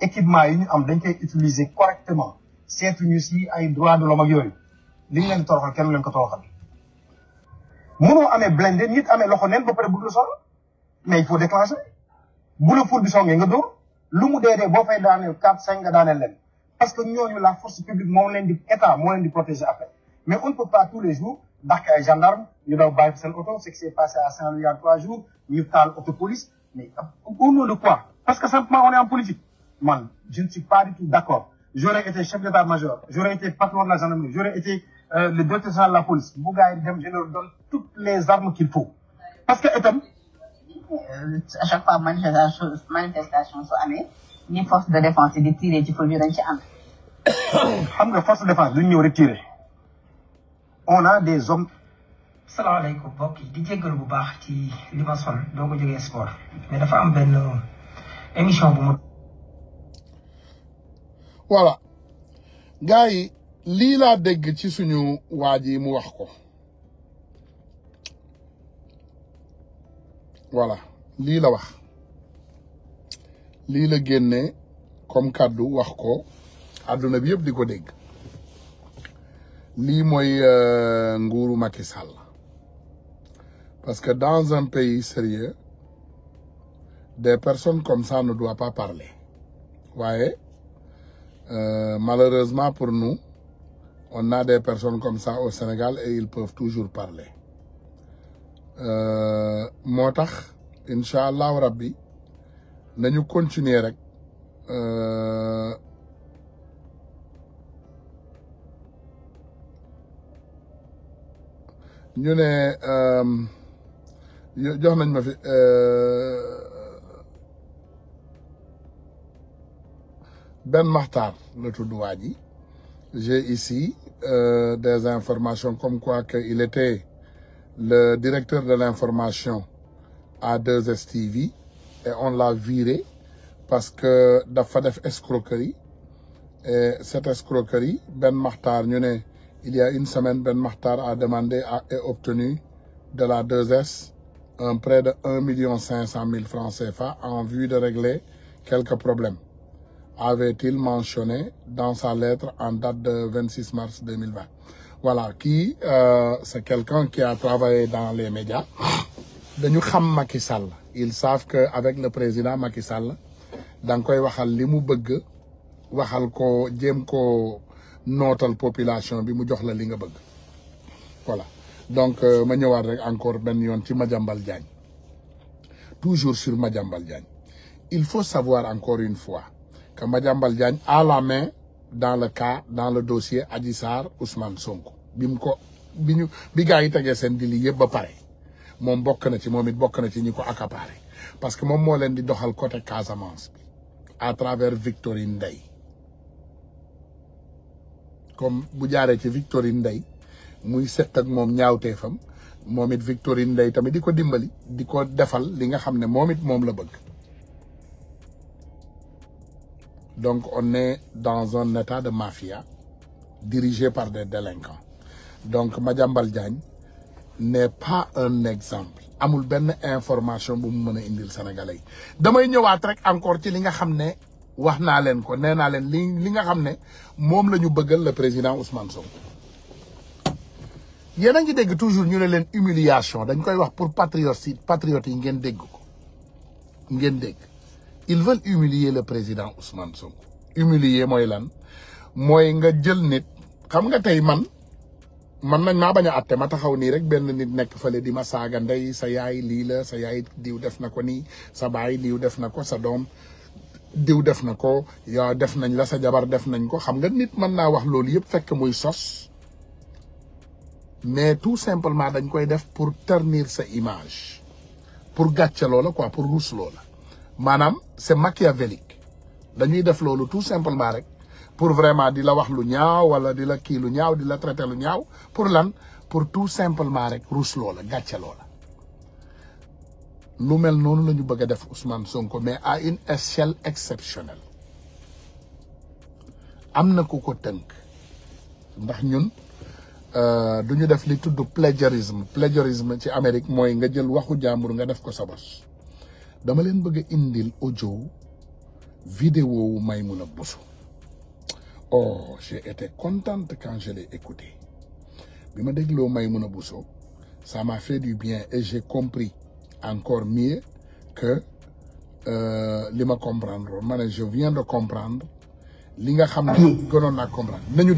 équipement yi ñu am dañ koy utiliser correctement seetu ñu si ay droit de l'homme ak yooyu li ñu leen toroxal kenn leen ko toroxal mënoo amee blindé nit ame loxo neen ba pare bëgg mais il faut déclencher bu la foule bi songee nga dóor lu mu dee dee fay daaneel quatre cinq nga daaneel parce que nous avons la force publique nous avons di état nous avons di protéger après mais on ne peut pas tous les jours d'accord, gendarme ñu daw baisser fi seen ce qui s'est passé à Saint-Louis il y a trois jours nous taal auto police mais au nom de quoi parce que simplement on est en politique Moi, je ne suis pas du tout d'accord j'aurais été chef d'état-major j'aurais été patron de la gendarmerie j'aurais été euh, le directeur de la police bu gars dem je leur donne toutes les armes qu'il faut parce que itam. Euh, à chaque fois manifestation manifestation su amee ni force de défense yi di tirer ci feu bi dañ ci am. xam nga force de défense duñ ñëw retirer. on a des hommes. Salam alaikou Boki di jéggal bu baax ci li ma sol doo ko sport mais la am ben, émission voilà gars Lila deg ci suñu waa mu wax ko voilà lila wax lila genné comme cadeau wax ko aduna bi yeb di deg li moy nguru parce que dans un pays sérieux des personnes comme ça ne doivent pas parler voyez euh, malheureusement pour nous on a des personnes comme ça au Sénégal et ils peuvent toujours parler. Euh, Motach, tax Inch'Allah rabbi Nous continuer rek euh, ñu ne euh, jox nañ Ben Mahtar... le tudd j'ai ici euh, des informations comme quoi qu'il était le directeur de l'information à 2 TV et on l'a viré parce que la escroquerie et cette escroquerie Ben Mahtar il y a une semaine Ben Mahtar a demandé à, et obtenu de la 2S un prêt de 1 million 500 000 francs CFA en vue de régler quelques problèmes avait-il mentionné dans sa lettre en date de 26 mars 2020. Voilà, qui euh, c'est quelqu'un qui a travaillé dans les médias xam ils savent que avec le président Macky Sall koy waxal li bëgg waxal ko jëm ko population bi mu jox la li nga bëgg voilà donc euh, ma encore ben yon ci toujours sur Madjambal Diagne il faut savoir encore une fois que madame Diagne a la main dans le cas dans le dossier Adissar Ousmane Sonko bi mu ko bi ñu bi gars yi tegee di ba pare moom bokk na ci moom bokk na ci accaparé parce que mon moo leen di doxal côté Casamance à travers Victorine Ndeye comme bu jaaree ci Victorine Ndeye muy seq ak moom ñaawteefam moom it Victorine Ndeye tamit di ko dimbali di ko defal li nga mon ne mom it la bëgg Donc on est dans un état de mafia dirigé par des délinquants. Donc Madame Diagne n'est pas un exemple. amul information bu mu indil sénégalais damay ñëwaat rek encore ci li nga xamné wax ko néna le président Ousmane Sonko. a dégg toujours ñu humiliation dañ koy wax pour patriotisme ils veulent humilier le président Ousmane Sonko humilier mooy lan mooy nga djel nit xam nga tay man man nañ ma baña atté ma taxaw ni rek ben nit nekk fële di ma saga ndey sa yaay li la sa yaay diw def nako ni sa baye diw def nako sa dom diw def nako ya def nañ la sa jabar def nañ ko xam nga nit man na wax loolu yëpp fekk muy sos mais tout simplement dañ koy def pour ternir sa image pour gàcce loola quoi pour ruus loola manam c'est machiavélique dañuy def lolu tout simplement rek pour vraiment di la wax lu ñaaw wala di la ki lu ñaaw di la traiter lu ñaaw pour lan pour tout simplement rek ruus lola gatcha lola lu mel nonu lañu bëgg a def Ousmane Sonko mais à une échelle exceptionnelle am ko ko teunk ndax ñun du euh, duñu def li tuddu plagiarisme plagiarisme ci amerique moy nga jël waxu jàmbur nga def ko sa dama bëgg indil audio vidéo wu Bousso oh j'ai été contente quand je l'ai écouté ma ça m'a fait du bien et j'ai compris encore mieux que euh, les ma comprendre je viens de comprendre li nga xamné comprendre nañu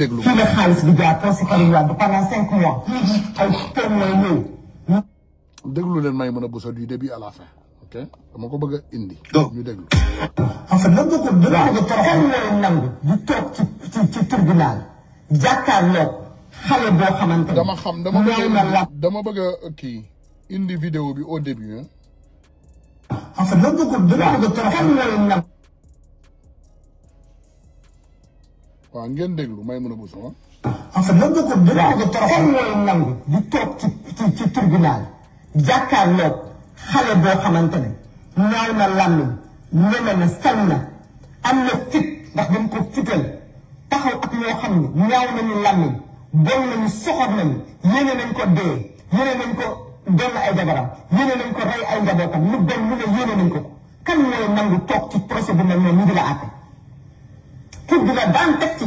Je nga mois. du début à la fin. ok dama ko bëgg a indi. ñu déglu. en fait la nangu di ci ci ci tribunal xale boo xamante dama xam dama bëgg dama bëgg kii indi bi au début. en fait lan nga ko lan la nangu. waaw may mën ci ci ci tribunal xale boo xamante ne ñaaw na làmmiñ ñeme na sañ na am na fit ndax dañ ko fital taxaw ak ñoo xam ne ñaaw nañu làmmiñ bon nañu soxor nañu yéene nañ ko dee yéene nañ ko doon ay jabaram yéene nañ ko rey ay njabootam lu bon lu ne yéene nañ ko ko kan mooy nangu toog ci procès bu mel noonu ñu di la àtte pour di la daan teg ci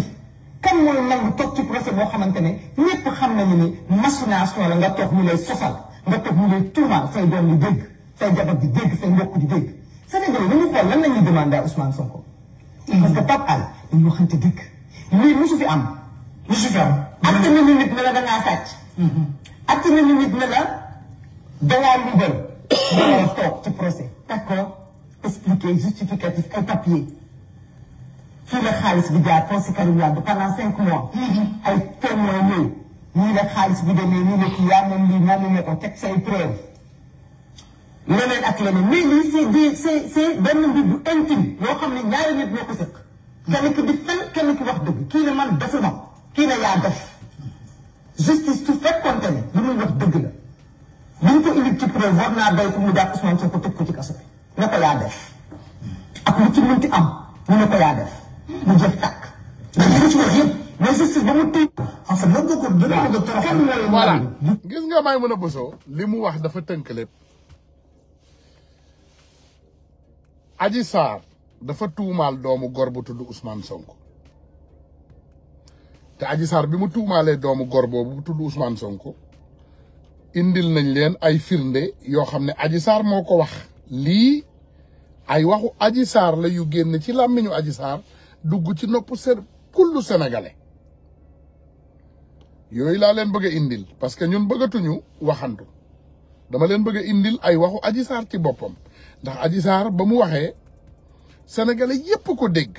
kan ci procès boo xamante ne ñépp xam nañu ni machination la nga toog ñu lay sosal nga teg ñu lay tuumaal say doom di dégg say jabar di dégg say mbokk di dégg Sénégal dañu xool lan la ñuy demandé à Ousmane Sonko. Mm. parce que Pape Alé dañu waxante dëgg. lii musu fi am. musu fi am. acte nañu nit ne la da ngaa sàcc. Mm-hmm. acte nañu nit ne la da ngaa luubal. da ngaa toog ci procès. d'accord expliqué justificatif ay papier. fii la xaalis bi jaar pour si Karim Wade pendant cinq mois. Mm-hmm. ay témoins ñëw. ñii ne xaalis bi demee ñu ne kii yaa moom lii moom ne ko teg say preuve leneen ak leneen di c'est c'est benn bi bu intime loo xam ne ñaari nit ñoo ko sëkk kenn ki fen kenn ki wax dëgg kii ne man defuma kii ne yaa def justice su fekkoonte ne li mu wax dëgg la bi ñu ko indi ci preuve war ko mu jàpp Ousmane Sonko tëj ko ci kaso bi ne ko yaa def ak lu ci mënti am ñu ne ko yaa mu jëf mais justice ba mu gis nga may mën a bësoo. li mu wax dafa tënk lépp. Adji dafa tuumaal doomu gor bu tudd Ousmane Sonko te Adji Sarr bi mu tuumaalee doomu gor boobu bu indil nañ leen ay firnde yoo xam ne Adji Sarr moo ko wax lii ay waxu Adji la yu génn ci làmmiñu Adji Sarr dugg ci nopp ser kullu yooyu laa leen bëgg indil parce que ñun bëggatuñu waxantu dama leen bëgg indil ay waxu Adji Sarr ci boppam ndax Adji Sarr ba mu waxee sénégalais yépp ko dégg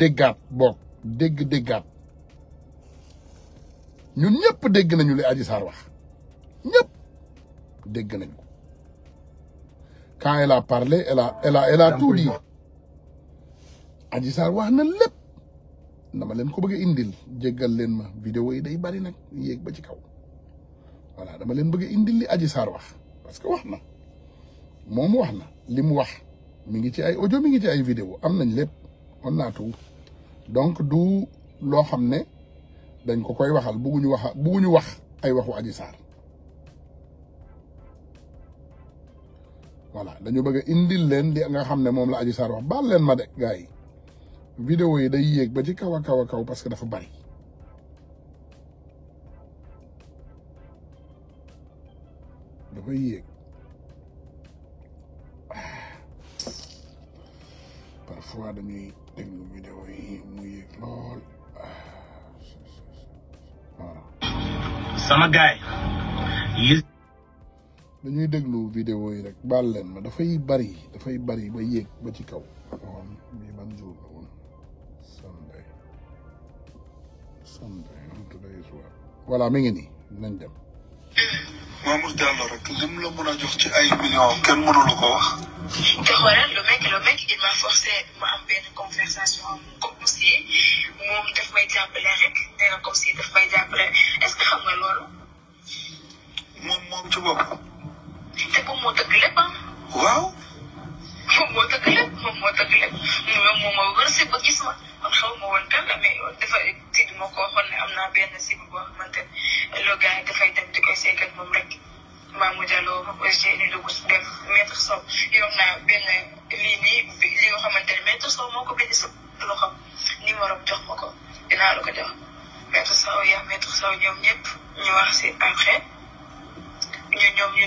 déggaat boog dégg déggaat ñun ñëpp dégg nañu li Adji Sarr wax ñëpp dégg nañu ko quand elle a parlé elle a elle a wax na lépp. dama leen ko bëgg indil jéggal leen ma vidéo yi day bari nag yéeg ba ci kaw voilà dama leen bëgg indil li aji saar wax parce que wax na moom wax na li mu wax mi ngi ci ay audio mi ngi ci ay video am nañ lépp on a tout donc du loo xam ne dañ ko koy waxal bugguñu wax wax ay waxu Adji Sarr voilà dañu bëgg indil leen a nga xam ne moom la Adji Sarr wax baal leen ma de gars vidéo yi day yéeg ba ci kaw a kaw a kaw parce que dafa bari dafa yéeg ah. parfois dañuy déglu vidéo yi mu yéeg lool ah. sama gaay yi dañuy déglu vidéo yi rek baal leen ma dafay bari dafay bari ba yéeg ba ci kaw. waaw bii ban jour voilà mi ngi nii dinañ dem. Mamour Diallo rek lim la a jox ci ay millions kenn mënul ko wax. te xoolal le mec le mec il m'a forcé ma am benn conversation comme si moom may jàppale rek nee na comme si daf may jàppale est-ce que xam nga loolu. moom moom ci boppam. moo tëgg lépp moom moo tëgg lépp moom moo war a si ba gis ma man xaw ma woon dara mais dafa tiit moo ko waxoon ne am naa benn si boo xamante ne loo gars yi dafay dem di koy seetal moom rek Mamour Diallo ma koy seeni lu def maître Sow yor naa benn lii nii li nga xamante ne maître Sow moo ko bind sa loxo numéro jox ma ko dinaa la ko jox maître Sow yaa maître Sow ñoom ñëpp ñu wax si après ñu ñoom ñu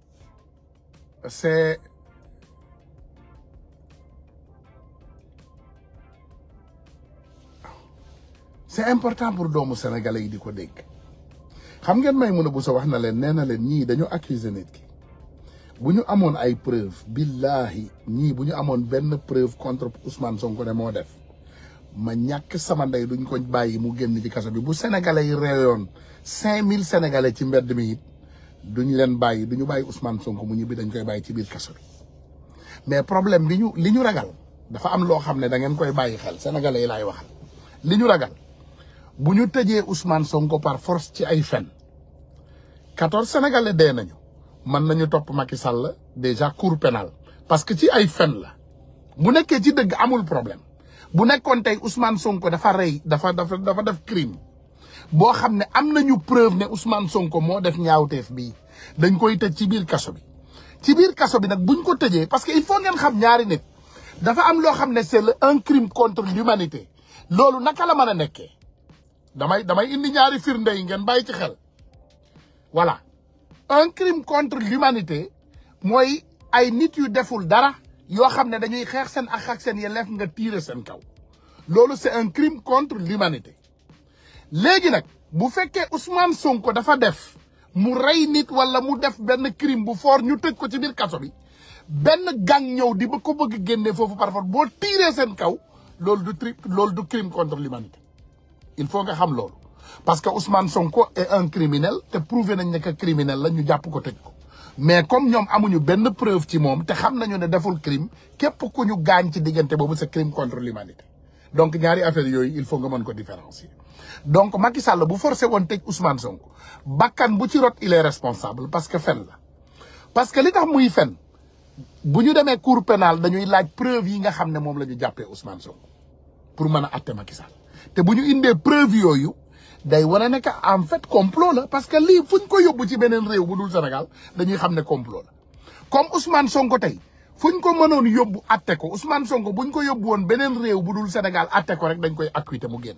c'est c'est important pour doomu sénégalais yi di ko dégg xam ngeen may mën a bu sa wax na leen nee na leen ñii dañoo accuser nit ki bu ñu amoon ay preuve billahi ñii bu ñu amoon benn preuve contre Ousmane Sonko ne moo def ma ñàkk sama ndey duñ ko bàyyi mu génn ci kaso bi bu sénégalais yi réewoon cinq mille sénégalais ci mbedd mi it du ñu leen bàyyi ñu bàyyi Ousmane Sonko mu bi dañ koy bàyyi ci biir kaso bi mais problème bi ñu li ñu ragal dafa am loo xam ne da ngeen koy bàyyi xel sénégalais yi laay waxal li ñu ragal bu ñu tëjee Ousmane Sonko par force ci ay fen quatorze sénégalais dee nañu mën nañu topp Macky Sall déjà cour pénal parce que ci ay fen la bu nekkee ci dëgg amul problème bu nekkoon tey Ousmane Sonko dafa rey dafa dafa dafa def crime boo xam ne am nañu preuve ne Ousmane Sonko moo def ñaawteef bii dañ koy tëj ci biir kaso bi ci biir kaso bi nag buñ ko tëjee parce que il faut ngeen xam ñaari nit dafa am loo xam ne c'est un crime contre l'humanité loolu naka la mën a nekkee damay damay indi ñaari firnde yi ngeen bay ci xel voilà un crime contre l'humanité mooy ay nit yu deful dara yoo xam ne dañuy xeex seen ak ak seen yelleef nga tiire seen kaw loolu c'est un crime contre l'humanité léegi nak bu fekkee Ousmane Sonko dafa def mu ray nit wala mu def ben crime bu fort ñu tëj ko ci bir kasso bi ben gang ñew di ba ko bëgg génné fofu par rapport boo tiiree kaw lool du trip lool du crime contre l'humanité il faut nga xam lool parce que Ousmane Sonko est un criminel té prouvé nañ ne que criminel la ñu japp ko tëj ko mais comme ñom amuñu ben preuve ci mom té xam nañu né deful crime képp ku ñu gañ ci diggante boobu c'est crime contre l'humanité donc ñaari affaire yoy il faut nga mën ko différencier donc Macky Sall bu forcé won tej Ousmane Sonko bakkan bu ci rot il est responsable parce que fenn la parce que li tax muy fenn bu ñu demee cour pénal dañuy laaj preuve yi nga xamné mom lañu jappé Ousmane Sonko pour mëna atté atte Macky Sall te bu ñu indee preuve yoyu day wane nek en fait complot la parce que li fuñ ko yobbu ci benen réew bu dul Sénégal dañuy xamné complot la comme Ousmane Sonko tay fuñ ko mënon yobbu atté ko Ousmane Sonko buñ ko yobbu won benen réew bu dul Sénégal atté ko rek dañ koy acquitter mu génn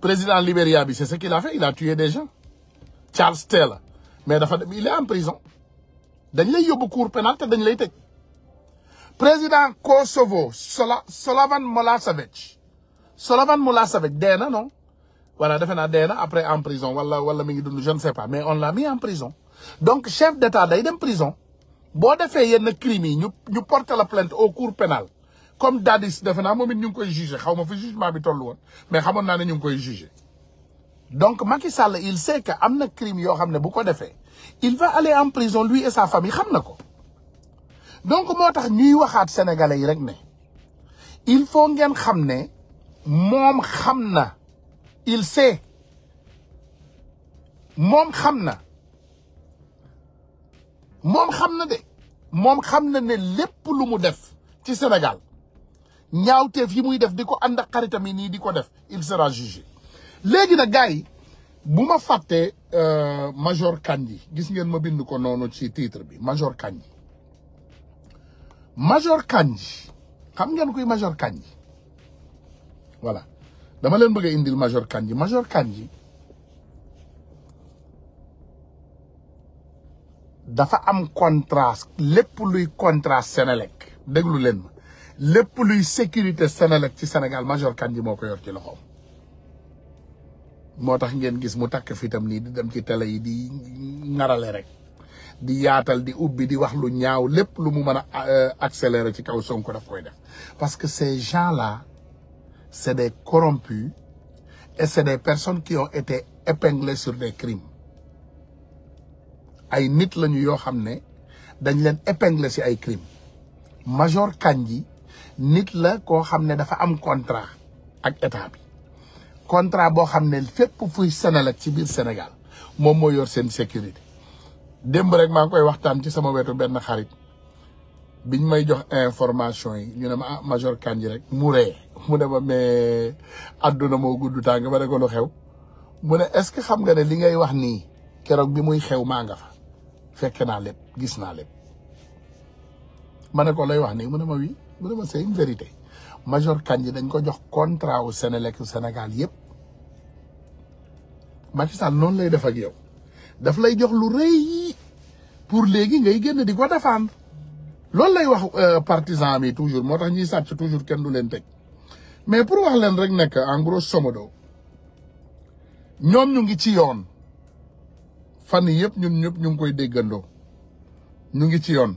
président Libéria c'est ce qu'il a fait il a tué des gens Charles Taylor mais il est en prison Il lay a cour pénale dañ président Kosovo Solovan Molasevic. Solovan Molasevic, Dena, non voilà a été après en prison je ne sais pas mais on l'a mis en prison donc chef d'état il est en prison Si defee yenn fait un ñu ñu porter la plainte au cours pénal comme Dadis defe naa moom it ñu koy jugé xawma fi jugement bi tollu won mais xamoon na ne ñu koy jugé donc Macky Sall il sait que amna crime yo xam bu ko defee il va aller en prison lui et sa famille xam na ko donc motax tax ñuy waxaat sénégalais yi rek né il faut ngeen xamné mom xamna il sait mom xamna mom xamna dé mom xamna né lépp lu mu def ci Sénégal ñaawteef yi muy def di ko ànd ak xaritam nii di ko def il sera jugé léegi na gars bu ma fàttee euh, major Kandji gis ngeen ma bind ko noonu ci titre bi major Kandji major Kandji xam ngeen kuy major Kandji voilà dama leen bëgg indil major Kandji major Kandji dafa am contrat lépp luy contrat Senelec déglu leen ma le luy sécurité Senelec ci Sénégal major kandi moko yor ci loxom motax ngeen gis mu takk fitam ni di dem ci télé yi di narale rek di yaatal di ubbi di wax lu ñaaw lepp lu mu mën euh, accélérer ci kaw Sonko daf koy def parce que ces gens-là c'est des corrompus et c'est des personnes qui ont été épinglées sur des crimes ay nit lañu yo xamné dañ leen épinglé ci ay crimes major kandi nit la koo xam ne dafa am contrat ak état bi contrat boo xam ne fépp fuy Senelec ci biir Sénégal moom moo yor seen sécurité démb rek maa ngi koy waxtaan ci sama wetu benn xarit biñ may jox information yi ñu ne ma ah major Kandji rek mu ree mu ne ma mais àdduna moo gudd tàng ba ko lu xew mu ne est-ce que xam nga ne li ngay wax nii keroog bi muy xew maa nga fa fekke naa lépp gis naa lépp ma ne ko lay wax nii mu ne ma wii mu ne ma c'est une vérité Major Kandji dañ ko jox contrat wu Sénélec Sénégal yëpp Macky Sall noonu lay def ak yow daf lay jox lu rëy pour léegi ngay génn di ko défendre loolu lay wax euh, partisan mi toujours moo tax ñuy sàcc toujours kenn du leen teg mais pour wax leen rek nekk en gros somodo ñoom ñu ngi ci yoon fan yëpp ñun ñëpp ñu ngi koy déggandoo ñu ngi ci yoon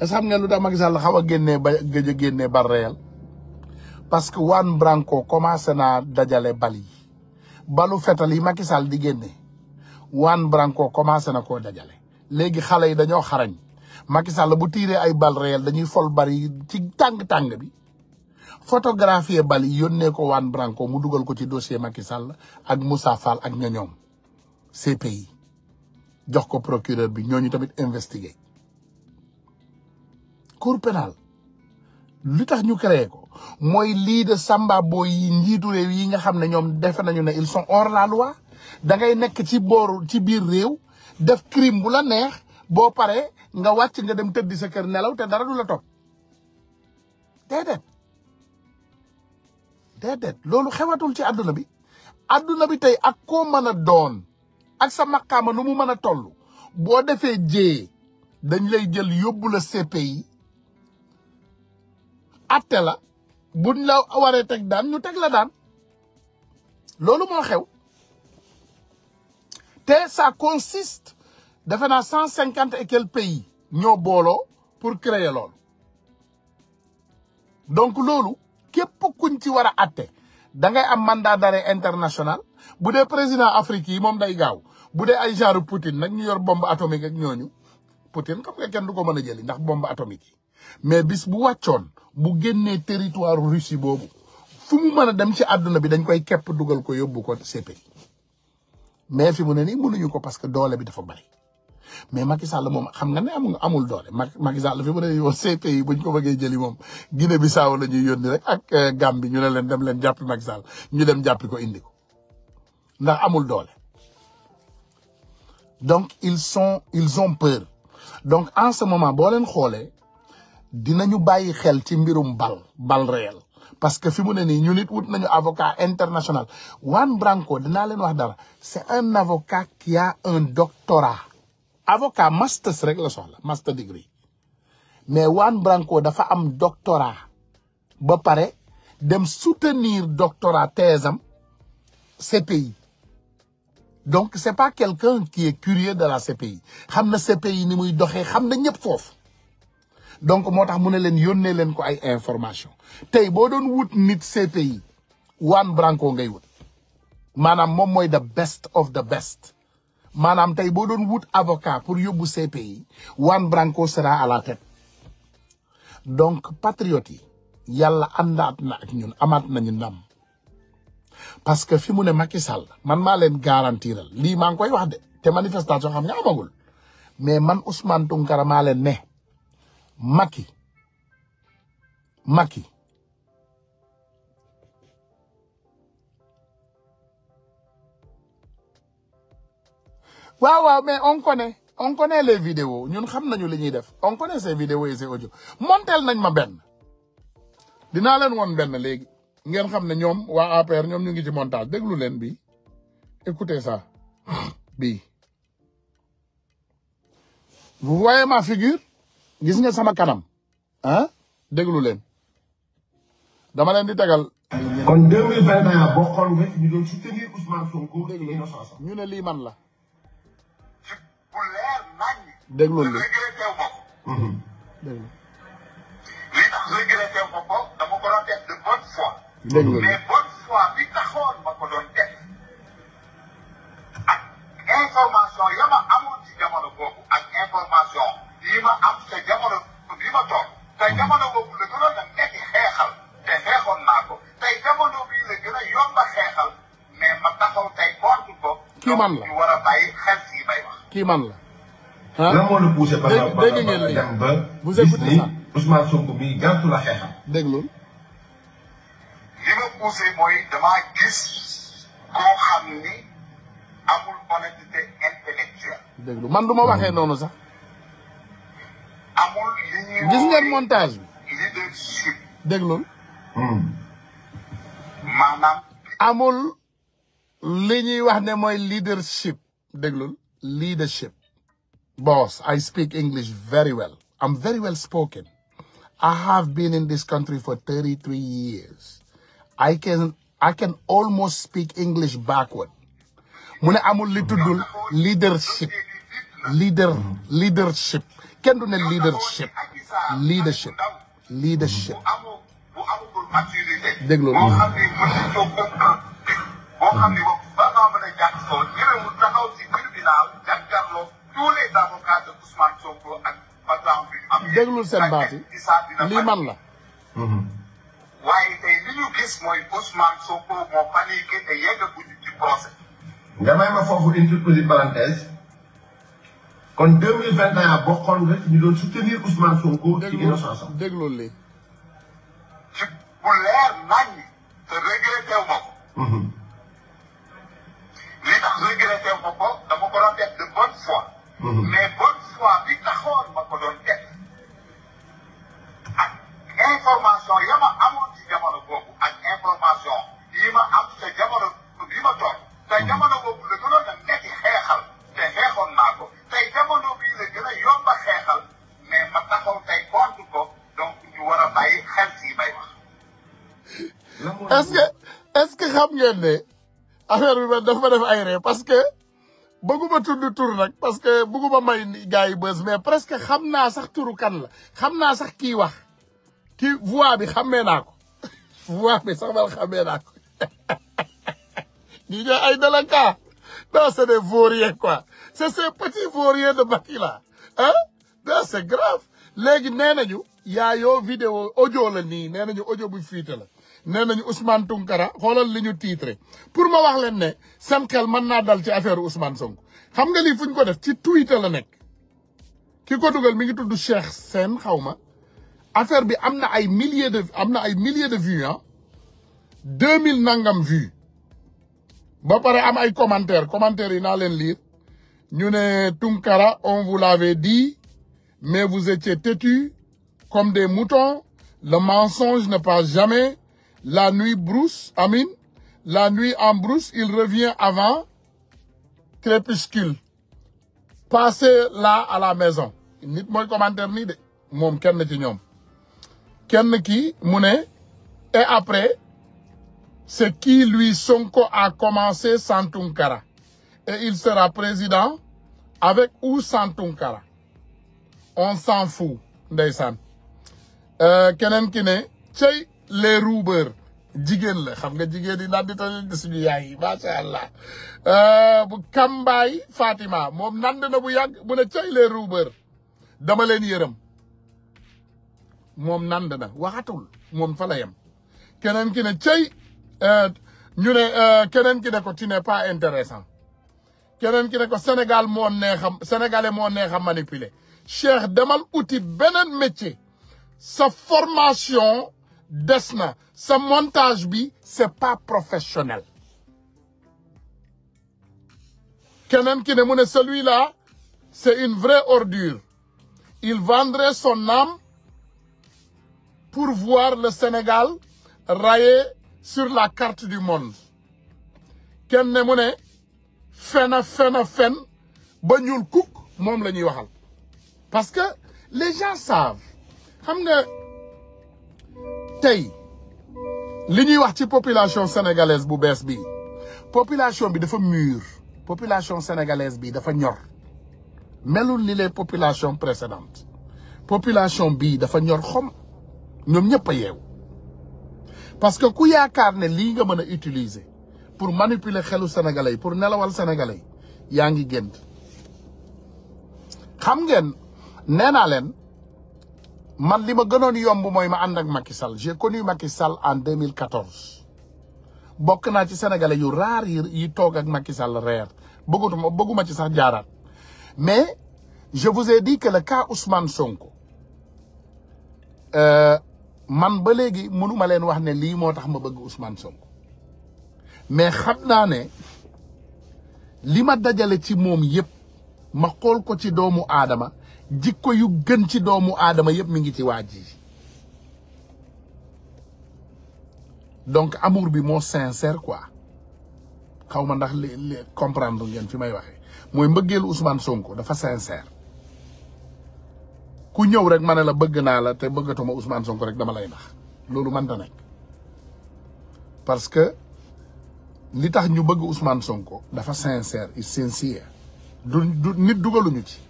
est xam ngeen lu tax Macky Sall xaw a génnee ba gëj a génnee réel parce que Wan Branco commencé naa dajale bal yi balu fetal yi Macky Sall di génne Juan Branco commencé na koo dajale léegi xale yi dañoo xarañ Macky Sall bu ay bal réel dañuy fol bari ci tàng-tàng bi photographier bal yi yónnee ko Juan Branco mu dugal ko ci dossier Macky Sall ak Moussa Fall ak ñoñoom CPI jox ko procureur bi ñooñu tamit investiguer cour pénal li tax ñu créé ko mooy lii de samba booy yi njiitu réew yi nga xam ne ñoom defe nañu ne il son hors la loi da ngay nekk ci booru ci biir réew def crime bu la neex boo paree nga wàcc nga dem tëddi sa kër nelaw te dara du la topp déedéet déedéet loolu xewatul ci àdduna bi àdduna bi tey ak koo mën a doon ak sa maqaama nu mu mën a toll boo defee jee dañ lay jël yóbbu la yi atte la buñ la waree teg daan ñu teg la daan loolu moo xew te ça consiste defe naa cent cinquante et quelques pays ñoo booloo pour créer lool donc loolu képp kuñ ci war a atte da ngay am mandat d'arrêt international bu dee président Afrique yi moom day gaaw bu dee ay genre Poutine nag ñu yor bombe atomique ak ñooñu Poutine xam nga kenn du ko mën a jëli ndax bombe atomique yi mais bis bu wàccoon bu génné territoire Russie bobu fu mu mëna dem ci aduna bi dañ koy képp duggal ko yobbu ko CP mais fi mu ne nii mënuñu ko parce que doole bi dafa bari mais Macky Sall mom xam nga né amul amul doole Macky Sall fi mu ne yo CP yi buñ ko bëggé jëli mom Guinée Bissau la ñuy yónni rek ak eh, Gambie ñu né leen dem leen japp Macky Sall ñu dem japp ko indi ko ndax amul doole donc ils sont ils ont peur donc en ce moment bo leen xolé dinañu bayyi xel ci mbirum bal bal réel parce que fi mu ne ni ñu nit wut nañu avocat international Juan Branco dina leen wax dara c'est un avocat qui a un doctorat avocat master rek la soxla master degree mais Juan Branco dafa am doctorat ba paré dem soutenir doctorat thèse CPI donc c'est pas quelqu'un qui est curieux de la CPI xamna CPI ni muy doxé xamna na fofu donc moo tax mu ne leen yónnee leen ko ay information tey boo doon wut nit CPI Juan Branco ngay wut maanaam moom mooy the best of the best maanaam tey boo doon wut avocat pour yóbbu CPI Juan Branco sera à donc patriotes yi yàlla àndaat na ak ñun amaat nañu ndam parce que fi mu ne Macky Sall man maa leen garantiral lii maa ngi koy wax de te manifestation xam nga gul mais man Ousmane Tounkara maa leen ne Maki. Maki. waaw waaw mais on connaît on connaît les vidéos on connaît ces vidéos et ces audios montel nañ ma benn dina leen les ben léegi vous. xam ne ñoom waa APR ñoom ñu ngi ci montage bi écoutez ça bi vous voyez ma figure gis nga sama kanam ah déglu leen dama leen di tegal. kon deux mille vingt et un bokkoon nga ñu doon ne lii man la. déglu mhm. ak information yi ma am te jamono bi ma te la gënoon xeexal te ko tey jamono bii la gën a yomb a xeexal mais ma taxaw tey contre ko. kii la ñu a bàyyi la. ah lan moo la poussé. dégg dégg ngeen lii dem ba bi gàntu la xeexal. dégg man du ma waxee noonu sax. amul li ñuy gis ngeen montage bi. leadership. déglul. maanaam. amul li ñuy wax ne mooy leadership déglul leadership. boss I speak English very well I'm very well spoken. I have been in this country for 33 years. I can I can almost speak English backward. mu ne amul li tuddul leadership leader leadership. kenn du ne leadership leadership leadership dégg loolu boo xam ne ba de Ousmane Sonko man la waaye tey li ñu gis mooy Ousmane Sonko moo paniqué te yeggaguñu ci procès nga may ma foofu une parenthèse kon deux mille vingt et un bokkoon nga ci ñu doon soutenir Ousmane Sonko ci innocence am. bu leer naññ. te regretté wu ma ko. Mhm. li tax regretté wu ma ko dama ko doon de bonne foi. Mhm. mais bonne foi bi taxoon ma ko doon def. ak ya ma amoon ci jamono boobu ak information yi ma am sa jamono bi est-ce que est-ce que xam ngeen ne affaire bi man dafa def ay ree parce que bëgguma tudd tour nak parce que bëgguma may gars yi bës mais presque xamna sax touru kan la xamna sax ki wax ki voix bi xamé naa ko voix bi sax man xamé naa ko ñu ñooy ay délinquants non c'est des vauriens quoi c'est ces petits vauriens de Macky là ah non c'est grave légui nee ya yo vidéo audio la ni nee audio bu fité la Nous Ousmane Tunkara, xolal liñu ñu pour ma wax leen né seen xel dal ci affaire Ousmane Sonko xam nga li ko def Twitter la nek ki dugal mi ngi tuddu Cheikh Sen xawma affaire bi ay milliers de milliers de vues ah. nangam vues ba am commentaires commentaires lire Nous on vous l'avait dit mais vous étiez têtu comme des moutons le mensonge ne passe jamais la nuit brousse, Amin. La nuit en brousse, il revient avant crépuscule. Passez là à la maison. nit commentaire ki et après ce qui lui Sonko a commencé sans et il sera président avec ou sans on s'en fout ndeysaan euh, ki les roubeurs jigéen la xam nga je suis suñu yaay allah euh, bu Fatima suis nand na bu yag ne les dama nand na waxatul mom fa la ki ne suis euh, ñu ne euh, ne ko pas intéressant kenen ki ne ko Sénégal sénégalais manipuler Cheikh demal métier sa formation Desna. ce montage bi c'est pas professionnel qui celui-là c'est une vraie ordure il vendrait son âme pour voir le Sénégal rayé sur la carte du monde Ken ne a fena fen parce que les gens savent tay li ñuy wax ci population sénégalaise bu bees bi population bi dafa mur, population sénégalaise bi dafa ñor melul ni les populations précédentes population bi dafa ñor xom ñom ñëpp yew parce que ku yaakar ne li nga mëna utiliser pour manipuler xelu sénégalais pour nelawal sénégalais yaangi yaa ngi gend, xam ngeen man li ma gënoon yomb mooy ma ànd ak Macky Sall j'ai connu Macky Sall en 2014 bokk naa ci sénégalais yu raar yi yi toog ak Macky Sall reer bëggutuma bëgguma ci sax jaaraat mais je vous ai dit que le cas Ousmane euh, man ba léegi mënuma leen wax ne lii moo tax ma bëgg Ousmane Sonko mais xam naa ne li ma dajale ci moom yëpp ma xool ko ci doomu aadama jikko yu gën ci doomu aadama yëpp mu ngi ci waa ji donc amur bi moo sincère quoi xaw ma ndax li comprendre ngeen fi may waxee mooy mbëggeelu Ousmane Sonko dafa sincère ku ñëw rek ma ne la bëgg naa la te bëggatuma Ousmane Sonko rek dama lay nax loolu mënta nekk parce que li tax ñu bëgg Ousmane Sonko dafa sincère et sincère du du nit dugaluñu ci.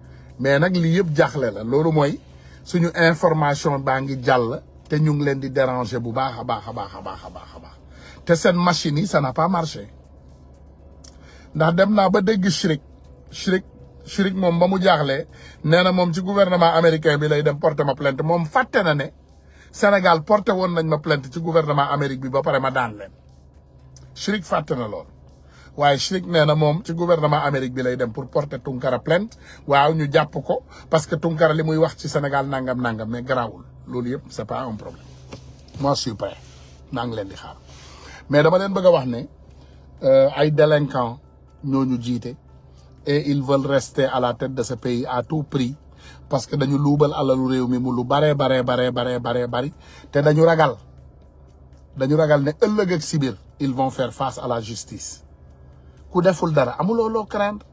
mais nag lii yëpp jaaxle la loolu mooy suñu information baa ngi jàll te ñu ngi leen di déranger bu baax a baax a baax a baax a baax a baax te seen machine yi ça n'a pas marché ndax dem naa ba dégg Chirek Chirek Chirek moom ba mu jaaxlee nee na moom si gouvernement américain bi lay dem porter ma plainte moom fàtte na ne Sénégal porté woon nañ ma plainte ci gouvernement Amérique bi ba pare ma daan leen Chirek fàtte na lool. waaye na gouvernement américain pour porter plainte parce que Sénégal mais pas un problème moi je suis prêt mais délinquants et ils veulent rester à la tête de ce pays à tout prix parce que dañu mu lu dañu ragal dañu ragal ëllëg ils vont faire face à la justice ku deful dara amuloo craindre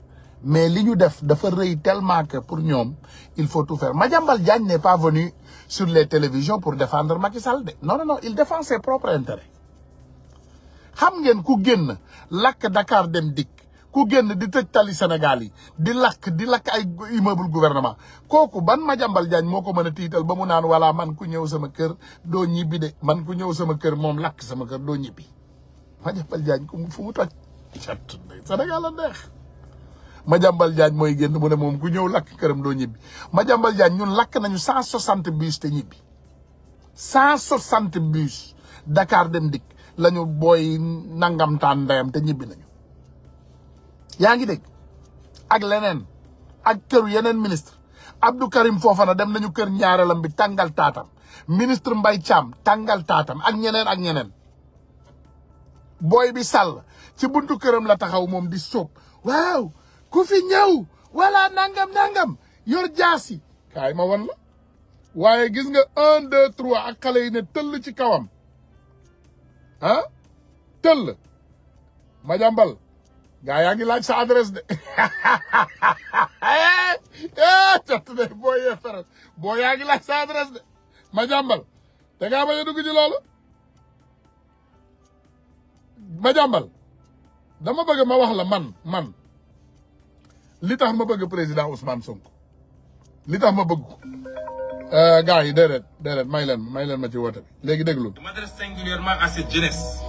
mais ce qu'on def dafa tellement que pour nous, il faut tout faire Madjambal Diagne n'est pas venu sur les télévisions pour défendre Macky Sall de non non non il défend ses propres intérêts xam ngeen ku génn lakk Dakar dem dikk ku génn di tëj tali Sénégal yi di lakk di lakk ay immeuble gouvernement kooku ban Madiambal Diagne moo ko mën a tiital ba mu naan wala man ku ñëw sama kër doo ñibbi de man ku ñëw sama kër moom lakk sama kër doo ñibbi Madiambal Diagne ku fu cat Sénégal la neex Madiambal Diagne mooy génn mu ne moom ku ñëw lakk këram doo ñibbi ma Madiambal Diagne ñun lakk nañu cent soixante bus te ñibbi cent soixante bus Dakar dem dikk lañu booy nangamtaan ndeyam te ñibbi nañu yaa ngi dégg ak leneen ak këru yeneen ministre Abdou Karim foofana dem nañu kër ñaareelam bi tàngal taatam ministre Mbaye Thiam tàngal taatam ak ñeneen ak ñeneen booy bi sàll ci buntu kërëm la taxaw mom di sop waw ku fi ñew wala nangam nangam yor jasi kay ma won la waye gis nga 1 2 3 ak xalé yi ne teul ci kawam ah teul ma jambal ga yaangi laaj sa adresse de cott eh, de boo yee feres boo yaa ngi laaj sa adresse de ma jambal da nga bañ dugg ci lolu ma jambal dama bëgg ma wax la man man li tax ma bëgg président Ousmane Sonko li tax ma bëgg euh gaay yi dédé dédé may leen may leen ma ci wota bi léegi déglu. je singulièrement à cette jeunesse.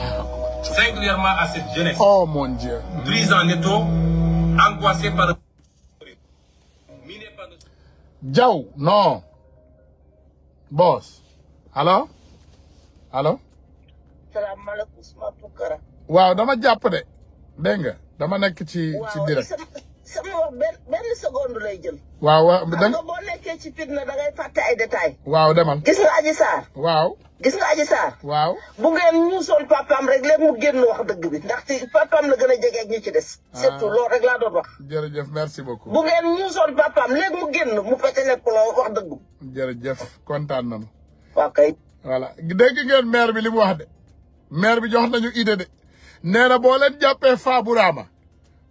Ah, singulièrement à cette jeunesse. oh mon dieu. prise en étau, angoissé par. Jau, non. boss. allo allo. salaamaaleykum Ousmane Tounkara waaw dama japp de dégg nga dama nek ci ci direct sama ben benn seconde lay jël. waaw waaw da nga bo nekkee ci fitna da ngay faté ay détails. waaw demal gis nga Adji sar waaw gis nga Adji sar waaw bu ngeen muusoon papam rek léegi mu génn wax dëgg bi ndax ci papam la gëna jégé ak ñi ci des. Ah. surtout lool rek la doon wax. jërëjëf merci beaucoup. bu ngeen muusoon papam léegi mu génn mu fete nekk loo wax dëgg. jërëjëf contane nañu. wa kay. voilà dégg ngeen maire bi limu wax de. maire bi jox nañu idée de. nee na boo leen jàppee faaburaama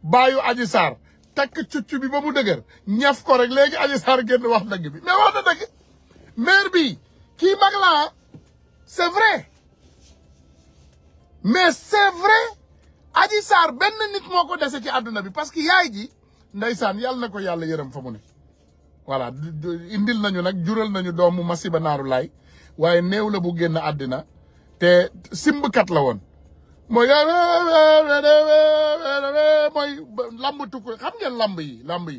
baayu aji saar takk cuccu bi ba mu dëgër ñaf ko rek léegi aji saar génn wax dëgg bi mais wax na dëgg maire bi kii mag laa c'est vrai mais c'est vrai aji saar benn nit moo ko dese ci àdduna bi parce que yaay ji ndeysaan yàlla na ko yàlla yërëm fa mu ne voilà indil nañu nag jural nañu doomu masiba naaru laay waaye néew la bu génn àddina te simbkat la woon mooy eh, eh, eh, mooy lamb tukku xam ngeen lamb yi lamb yi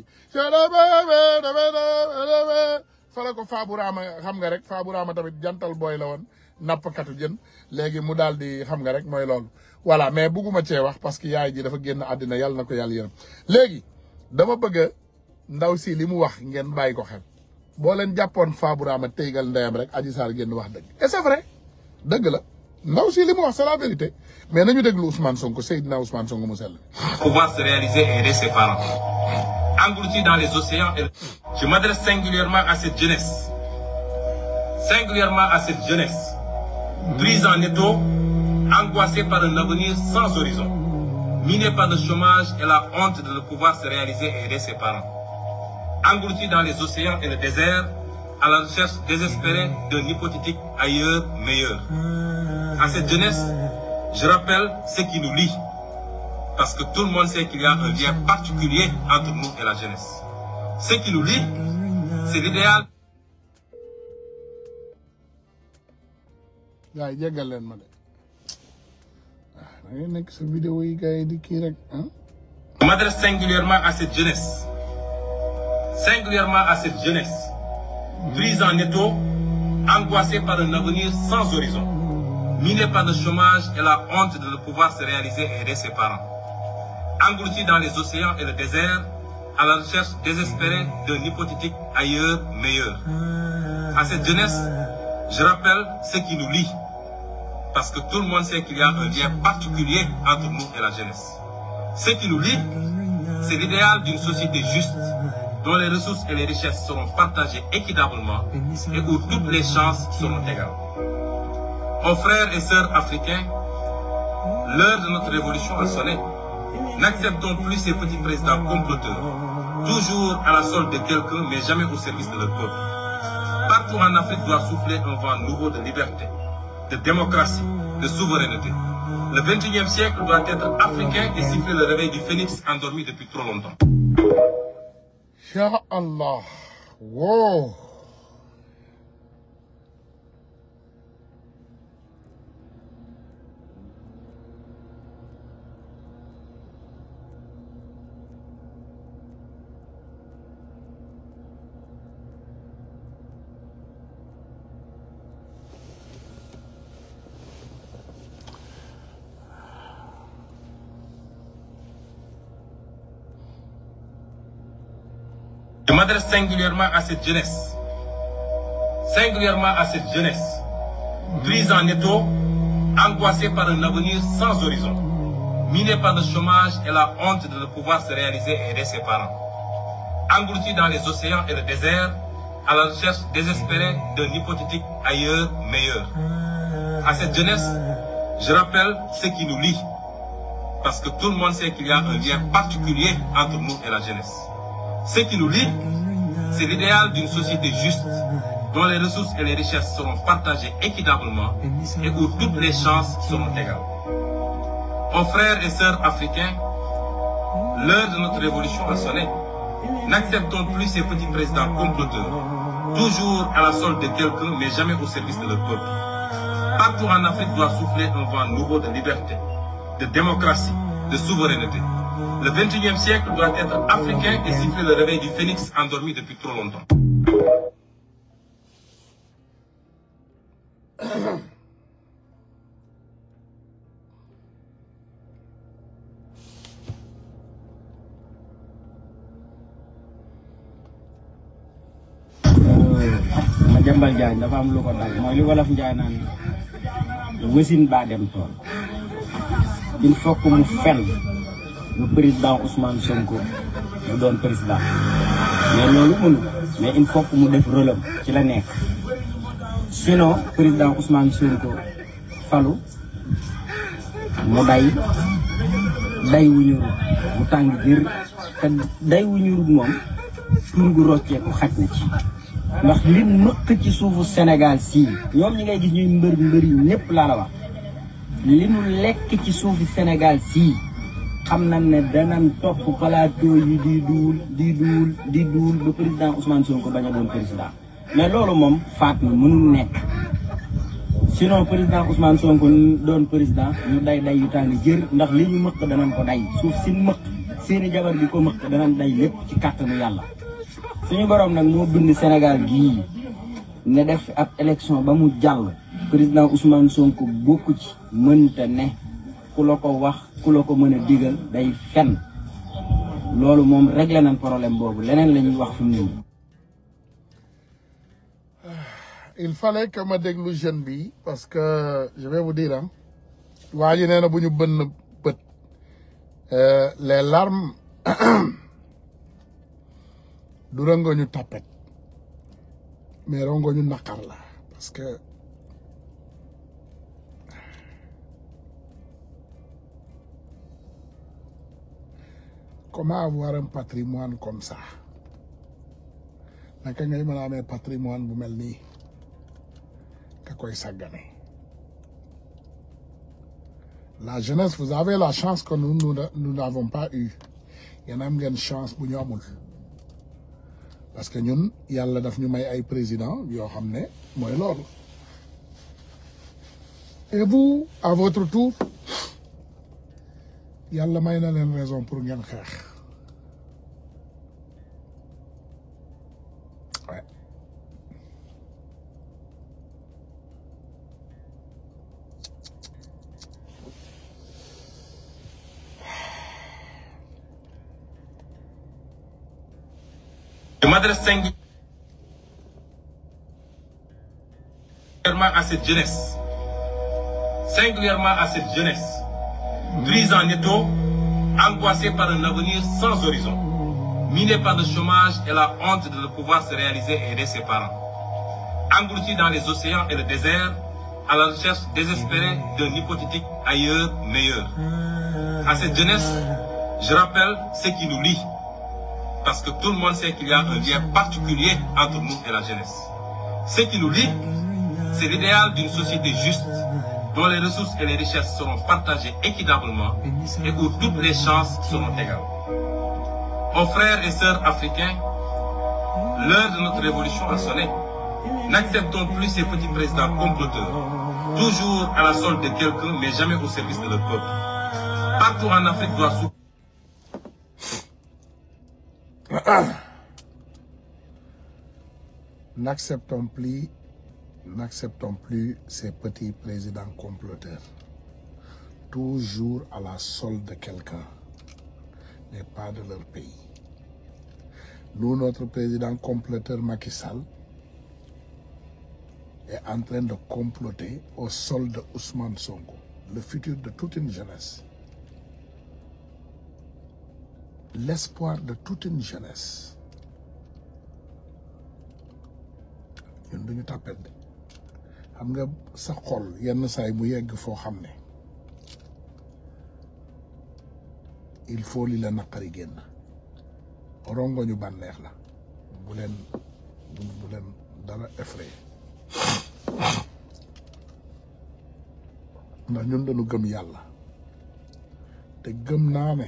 fala ko faaburaama xam nga rek faaburaama tamit jantal booy la woon nappkatu jën léegi mu daal di xam nga rek mooy loolu voilà mais bugguma cee wax parce que yaay ji dafa génn àddina yàlla na ko yàlla yërëm léegi dama bëgg ndaw si li mu wax ngeen bàyyi ko xel boo leen jàppoon faaburaama téygal ndeyam rek aji saar wax dëgg et c'est vrai dëgg la ndaw si li wax c'est la vérité mais Ousmane Sonko C'est Ousmane Sonko pouvoir se réaliser et aider ses parents. Englouti dans les océans et. je m'adresse singulièrement à cette jeunesse. singulièrement à cette jeunesse. prise en étau, angoissée par un avenir sans horizon. minée par le chômage et la honte de ne pouvoir se réaliser et aider ses parents. englouti dans les océans et le désert, à la recherche désespérée d'un hypothétique ailleurs meilleur. À cette jeunesse. Je rappelle ce qui nous lie, parce que tout le monde sait qu'il y a un lien particulier entre nous et la jeunesse. Ce qui nous lie, c'est l'idéal. Ah, vidéo hein? Je m'adresse singulièrement à cette jeunesse singulièrement à cette jeunesse prise en étau angoissée par un avenir sans horizon Miné par le chômage et la honte de ne pouvoir se réaliser et aider ses parents. Englouti dans les océans et le désert, à la recherche désespérée d'un hypothétique ailleurs meilleur. À cette jeunesse, je rappelle ce qui nous lie, parce que tout le monde sait qu'il y a un lien particulier entre nous et la jeunesse. Ce qui nous lie, c'est l'idéal d'une société juste, dont les ressources et les richesses seront partagées équitablement et où toutes les chances seront égales aux frères et sœurs africains, l'heure de notre révolution a sonné. N'acceptons plus ces petits présidents comploteurs, toujours à la solde de quelqu'un, mais jamais au service de leur peuple. Partout en Afrique doit souffler un vent nouveau de liberté, de démocratie, de souveraineté. Le 21e siècle doit être africain et siffler le réveil du phénix endormi depuis trop longtemps. Allah. Je m'adresse singulièrement à cette jeunesse. Singulièrement à cette jeunesse. Prise en étau, angoissée par un avenir sans horizon, minée par le chômage et la honte de ne pouvoir se réaliser et aider ses parents. Engloutie dans les océans et le désert, à la recherche désespérée d'un hypothétique ailleurs meilleur. À cette jeunesse, je rappelle ce qui nous lie, parce que tout le monde sait qu'il y a un lien particulier entre nous et la jeunesse. Ce qui nous lie, c'est l'idéal d'une société juste, dont les ressources et les richesses seront partagées équitablement et où toutes les chances seront égales. Aux frères et sœurs africains, l'heure de notre révolution a sonné. N'acceptons plus ces petits présidents comploteurs, toujours à la solde de quelqu'un, mais jamais au service de leur peuple. Partout en Afrique doit souffler un vent nouveau de liberté, de démocratie, de souveraineté. Le 21e siècle doit être africain et siffler le réveil du phénix endormi depuis trop longtemps. Madiambal Diagne dafa am lu ko dal mooy li wolof Njaay naan wasin baa dem tool il faut que mu fen le président Ousmane Sonko mu doon président mais loolu mënu mais il faut mu def rôle ci la nekk sinon président Ousmane Sonko falu mu day day wu ñuul mu tàng jër te day wu ñuul moom tur gu rocceeku xaj na ci. ndax li nëkk ci suufu senegal sii ñoom ñi ngay gis ñuy mbër mbër yi ñëpp laa la wax li nu lekk ci suufu Sénégal sii. xam nañ ne danañ topp plateau yi di duul di duul di duul ba président Ousmane Sonko bañ a doon président mais loolu moom faat na mënul nekk sinon président Ousmane Sonko doon président ñu day day yu tàng jër ndax li ñu mëq danañ ko day suuf si mëq seeni jabar bi ko mëq danañ day lépp ci kàttanu yàlla suñu borom nag moo bind Sénégal gii ne def ab élection ba mu jàll président Ousmane Sonko bokku ci mënta ne kuloko wax kuloko meuna digal day fenn loolu mom régler nañ problème bobu leneen la wax fi mu il fallait que ma déglu jeune bi parce que je vais vous dire ah waa ji nee bënn bët euh, les larmes du rangoñu tapet mais rangoñu nakar la parce que comment avoir un patrimoine comme ça naka ngay mën a un patrimoine bu mel un patrimoine comme ça la jeunesse vous avez la chance que nous nous n'avons pas eu a même une chance pour nous. parce que nous, nous daf ñu may ay président yoo ramené, moi et l'autre. et vous à votre tour yàlla may na leen raison pour ngeen xeex Je m'adresse singulièrement à cette jeunesse, singulièrement à cette jeunesse. Brise en étau, angoissée par un avenir sans horizon, minée par le chômage et la honte de ne pouvoir se réaliser et aider ses parents. englouti dans les océans et le désert, à la recherche désespérée d'un hypothétique ailleurs meilleur. À cette jeunesse, je rappelle ce qui nous lie, parce que tout le monde sait qu'il y a un lien particulier entre nous et la jeunesse. Ce qui nous lie, c'est l'idéal d'une société juste, dont les ressources et les richesses seront partagées équitablement et où toutes les chances seront égales. Aux frères et sœurs africains, l'heure de notre révolution a sonné. N'acceptons plus ces petits présidents comploteurs, toujours à la solde de quelqu'un, mais jamais au service de notre peuple. Partout en Afrique doit souffrir. N'acceptons plus n'acceptons plus ces petits présidents comploteurs. Toujours à la solde de quelqu'un, mais pas de leur pays. Nous, notre président comploteur Macky Sall, est en train de comploter au sol de Ousmane Sonko, le futur de toute une jeunesse. L'espoir de toute une jeunesse. Nous nous à perdre. xam nga sa xol yenn saay mu yegg foo xam ne il faut li la naqari génn rongoñu bànneex la bu leen bu leen dara effrayé ndax ñun dañu gëm yàlla te gëm naa ne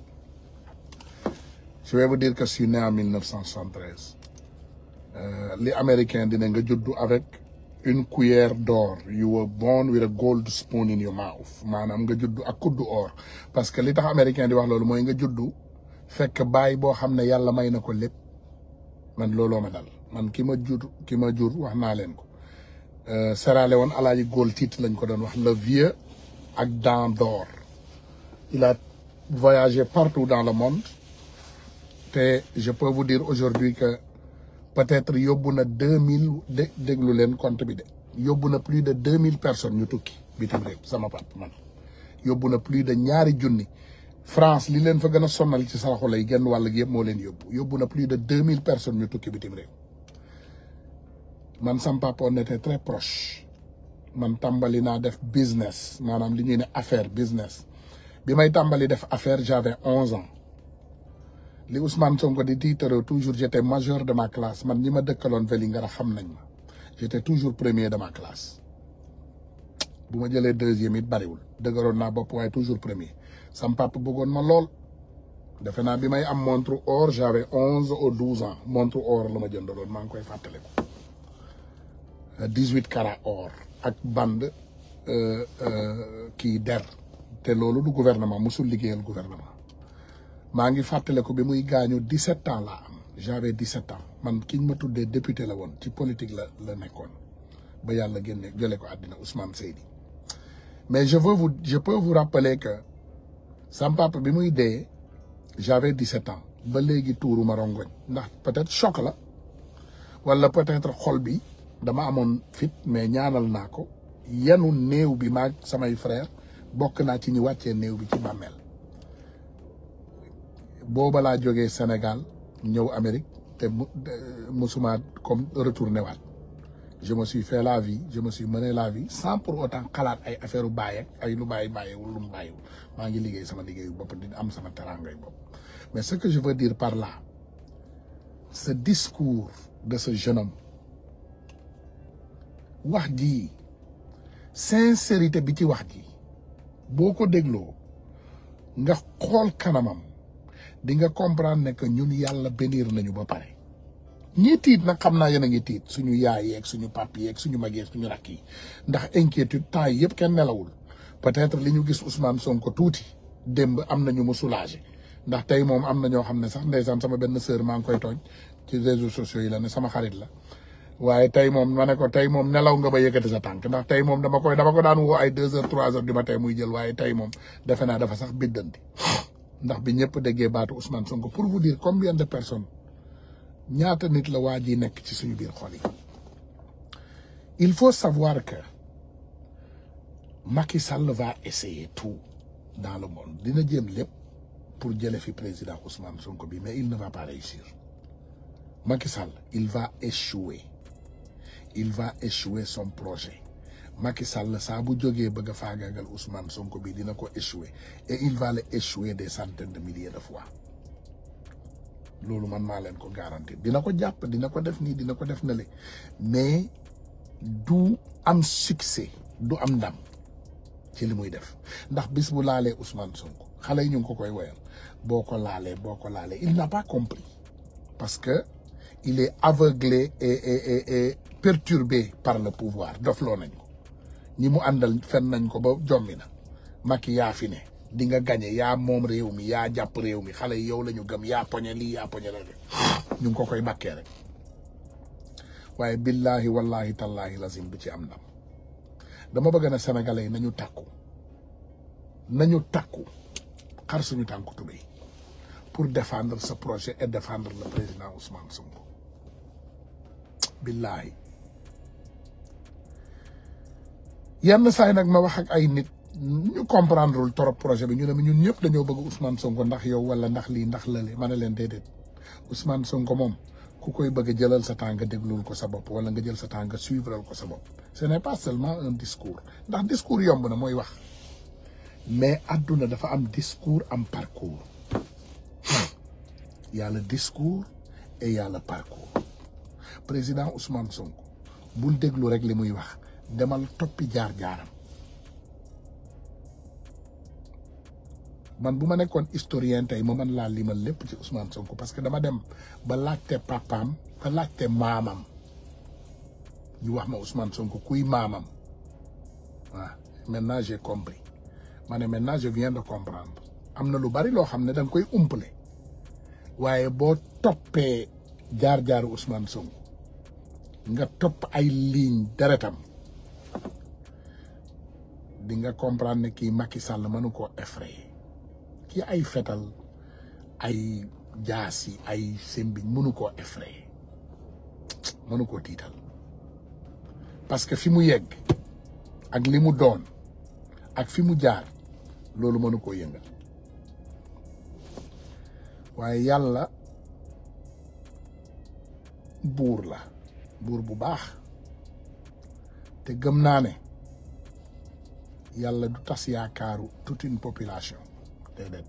je vais vous dire que je suis né en 1973 les américains dinañ nga avec une cuillère d'or you were born with a gold spoon in your mouth maanaam nga juddu ak kuddu or parce que les tax américain di wax loolu moy nga juddu fekk bay bo xam yalla may na ko man lolo ma dal man ki ma kima ki ma jur wax na leen ko euh, le won alaaji gold tit lañ ko don wax le vieux ak dent d'or il a voyagé partout dans le monde et je peux vous dire aujourd'hui que peut-être yóbbu na deux mille dé déglu leen compte bi de yóbbu na plus de 2000 personnes ñu tukki bitim réew sama pap man yóbbu na plus de ñaari jouni. France li len fa gëna a sonal ci saraxu lay genn wàll gi mo len yobbu. yóbbu na plus de 2000 personnes ñu tukki bitim réew man sama papa on était très proche man tàmbali naa def business manam li ñuy ne affaire business bi may tambali def affaire j'avais 11 ans li Ousmane Sonko di tiitaroo toujours j'étais majeur de ma classe man ñi ma dëkkaloon Vélingara xam nañ ma j'étais toujours premier de ma classe buma ma deuxième it bariwul dëgëroon na bop way toujours premier sam papa bëggoon ma lool defe naa bi may am montre or j'avais 11 ou 12 ans montre or la ma jëndaloon ngi koy fatalé dix-huit carats or ak bande euh euh ki der té loolu du gouvernement musul liggéeyal gouvernement maa ngi fàttaliku bi muy gaañu 17 ans laa j'avais 17 ans man ki ñu ma tuddee député la won, ci politique la la nekkoon ba yàlla génne jëlee ko Adina Ousmane Seydi mais je veux vous je peux vous rappeler que sam papa bi muy j'avais 17 ans ba léegi tuuru ndax peut-être choc la wala peut-être xol bi dama amoon fit mais ñaanal nako. ko yenu bi samay frère bok na ci ñu wàccee néew bi ci boba la jógee Sénégal ñëw Amérique té musuma comme retourné waat je me suis fait la vie je me suis mené la vie sans pour autant xalaat ay affaire u bàyyi ay lu baye wu lu baye ma ngi liggéey sama liggéey bop di am sama terangay bop mais ce que je veux dire par là ce discours de ce jeune homme wax ji sincérité bi ci wax ji boo ko nga xol kanamam di nga comprendre ne que ñun yàlla bénir nañu ba pare ñii tiit nag xam naa yéen a ngi tiit suñu yaay yeeg suñu papi yeeg suñu mag yeeg suñu rakk yi ndax inquiétude temps yi yëpp kenn nelawul peut-être li ñu gis Ousmane Sonko tuuti démb am na ñu mu soulagé ndax tey moom am na ñoo xam ne sax ndeysaan sama benn sœur maa ngi koy tooñ ci réseaux sociaux yi la ne sama xarit la waaye tey moom ma ne tey moom nelaw nga ba yëkkati sa tànk ndax tey moom dama koy dama ko daan woo ay deux heures trois heures du matin muy jël waaye tey moom defe naa dafa sax biddanti pour vous dire combien de personnes ñaata nit la ci suñu xol yi il faut savoir que Macky Sall va essayer tout dans le monde dina va lépp pour le fi président Ousmane Sonko mais il ne va pas réussir Macky Sall il va échouer il va échouer son projet Macky Sall saa bu jógee bëgg a Ousmane Sonko bi dina ko échouer et il va le échouer des centaines de milliers de fois lolu man ma len ko garantir dina ko japp dina ko def ni dina ko def na le mais du am succès du am ndam ci li def ndax bisbu bu Ousmane Sonko xale yi ñu ko koy woyal boko ko boko il n'a pas compris parce que il est aveuglé et et et perturbé par le pouvoir Doflo loo ñi mu àndal fen nañ ko ba jommi na Macky yaa fi ne di nga gañe yaa moom réew mi yaa jàpp réew mi xale yow lañu gëm yaa poñe lii yaa poñe la ñu ngi ko koy bàkkee rek waaye billaahi wallaahi tallaahi lazim du ci am ndam dama bëgg na sénégalais yi nañu takku nañu takku xar suñu tànku tubéy pour défendre sa projet et défendre la président Ousmane Sonko billaahi yenn saay nak ma wax ak ay nit ñu lu torop projet bi ñu ne ñun ñepp dañu bëgg Ousmane Sonko ndax yow wala ndax li ndax lale ma ne leen déedéet Ousmane Sonko mom ku koy bëgg jëlal sa temps ko sa bop wala nga jël sa temps suivre suivral ko sa bop ce n'est pas seulement un discours ndax discours yomb na moy wax mais aduna dafa am discours am parcours y a le discours et y a le parcours président Ousmane Sonko bul rek limuy wax demal toppi jaar-jaaram man bu ma nekkoon historien tey ma mën laa limal lépp ci Ousmane Sonko parce que dama dem ba laajte papaam ba laajte maamam ñu wax ma Ousmane Sonko kuy maamam waaw maintenant j'ai compris ma ne maintenant je de comprendre am na lu bari loo xam ne da koy umpale waaye boo toppee jaar-jaaru Ousmane Sonko nga topp ay ligne deretam di nga comprendre ki Macky Sall manou ko effrayer ki ay fetal ay jasi ay sembi manou ko effrayer manou ko tiital parce que fi mu yegg ak li mu tegamnane ak fi jaar lolou manou ko waye yalla bour la bour bu bax te gëm yalla du tass yaakaaru toute une population déedéet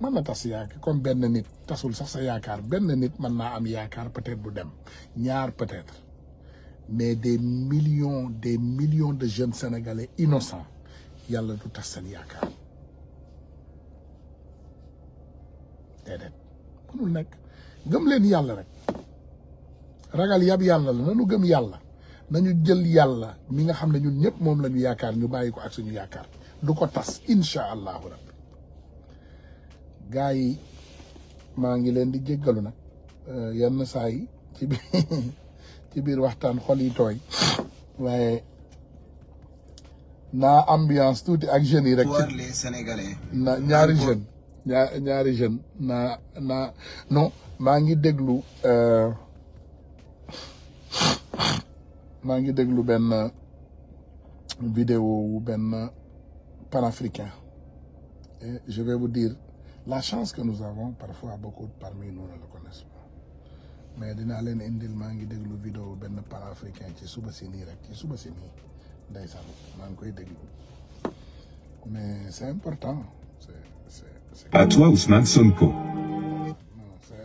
mën na tas yaakaar comme ben nit tassul sax sa yaakar ben nit man na am yaakar peut-être bu dem ñaar peut-être mais des millions des millions de jeunes sénégalais innocents yalla du tas seen yaakaar déedéet mënul nekk gëm len yalla rek ragal yab yalla la nu gëm yalla nañu jël yàlla mi nga xam ne ñun ñëpp moom la ñu yaakaar ñu bàyyi ko ak suñu yaakaar du ko tas incha allah rabbi gaa yi maa ngi leen di jéggalu nag euh, yenn saa yi ci biir waxtaan xol yi tooy waaye naa ambiance tuuti ak jeunes yi rek. les sénégalais. na ñaari jeune ñaar ñaari jeune naa naa maa ngi déglu. Euh, Mangi ngi déglu ben vidéo ou ben panafricain et je vais vous dire la chance que nous avons parfois beaucoup parmi nous ne le connaissent pas mais dina len indil mangi ngi vidéo ben panafricain ci suba si nii rek ci suba si nii ndeysaan mais c'est important c'est c'est à toi Ousmane Sonko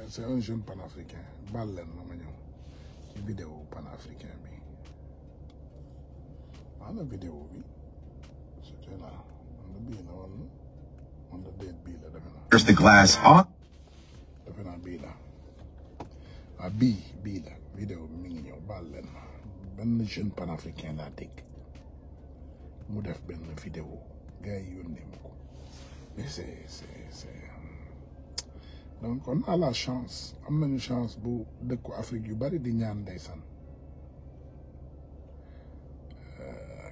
c'est un jeune panafricain balen leen ma vidéo panafricain ana vidéo bi c'était là la bii la woon man la déet naa. There's naa bii la ah bii mi ngi ñëw baal leen ma benn jeune panafricain laa dégg mu def benn vidéo gars yi yónnee ma mais c'est c'est c'est donc on a chance am nañu chance bu dëkku Afrique yu bari di ñaan ndeysaan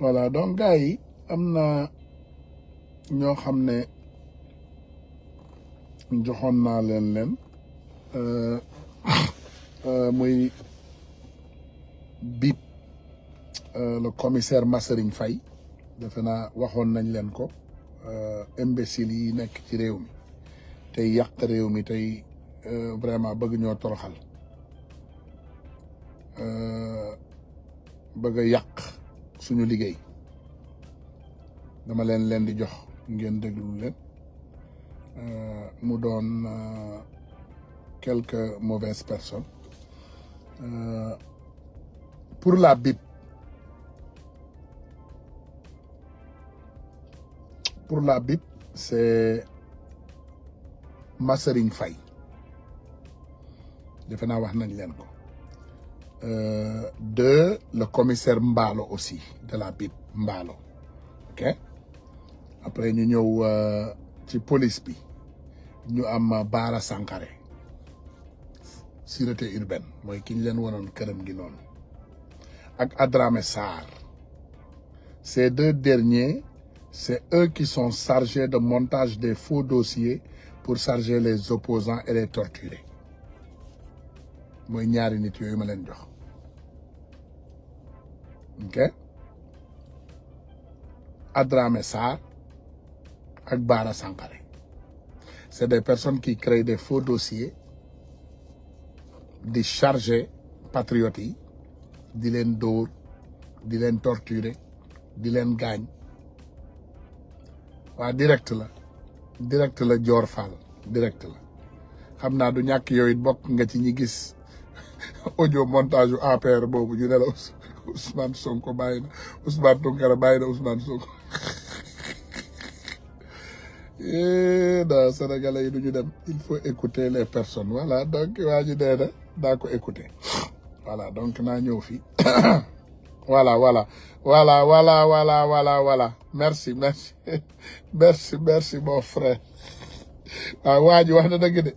voilà donc gars yi am na ñoo xam ne joxoon naa leen leen euh, euh, muy bip euh, le commissaire Massering Faye defe naa waxoon nañ leen ko imbéciles yi nekk ci réew mi tey yàq réew mi tey vraiment bëgg ñoo toroxal bëgg a yàq suñu liggéey dama leen leen di jox ngeen déglu leen euh, mu doon euh, quelques mauvaises personnes euh, pour la BIP pour la BIP c'est Masserigne fay defe naa wax nañ leen ko Euh, de le commissaire Mbalo aussi, de la BIP Mbalo. OK? Après, nous avons euh, la police, nous avons Bara Sankaré, sûreté urbaine, moi qui nous avons avec Adrame Sar. Ces deux derniers, c'est eux qui sont chargés de montage des faux dossiers pour charger les opposants et les torturer. moi ñaari nit ok adrame sar, Bara c'est des personnes qui créent des faux dossiers des chargés patriotiques, qui les leen dóor di torturer di leen direct là. direct direct montage Ousmane Sonko bàyyi na Ousmane Tounkara bàyyi na Ousmane Sonko eh, non Sénégalais yi du ñu dem il faut écouter les personnes voilà donc waa ji nee na écouter voilà donc naa ñëw fii voilà voilà voilà voilà voilà voilà voilà merci merci merci merci mon frère waaw ah, waa ji wax na dëgg de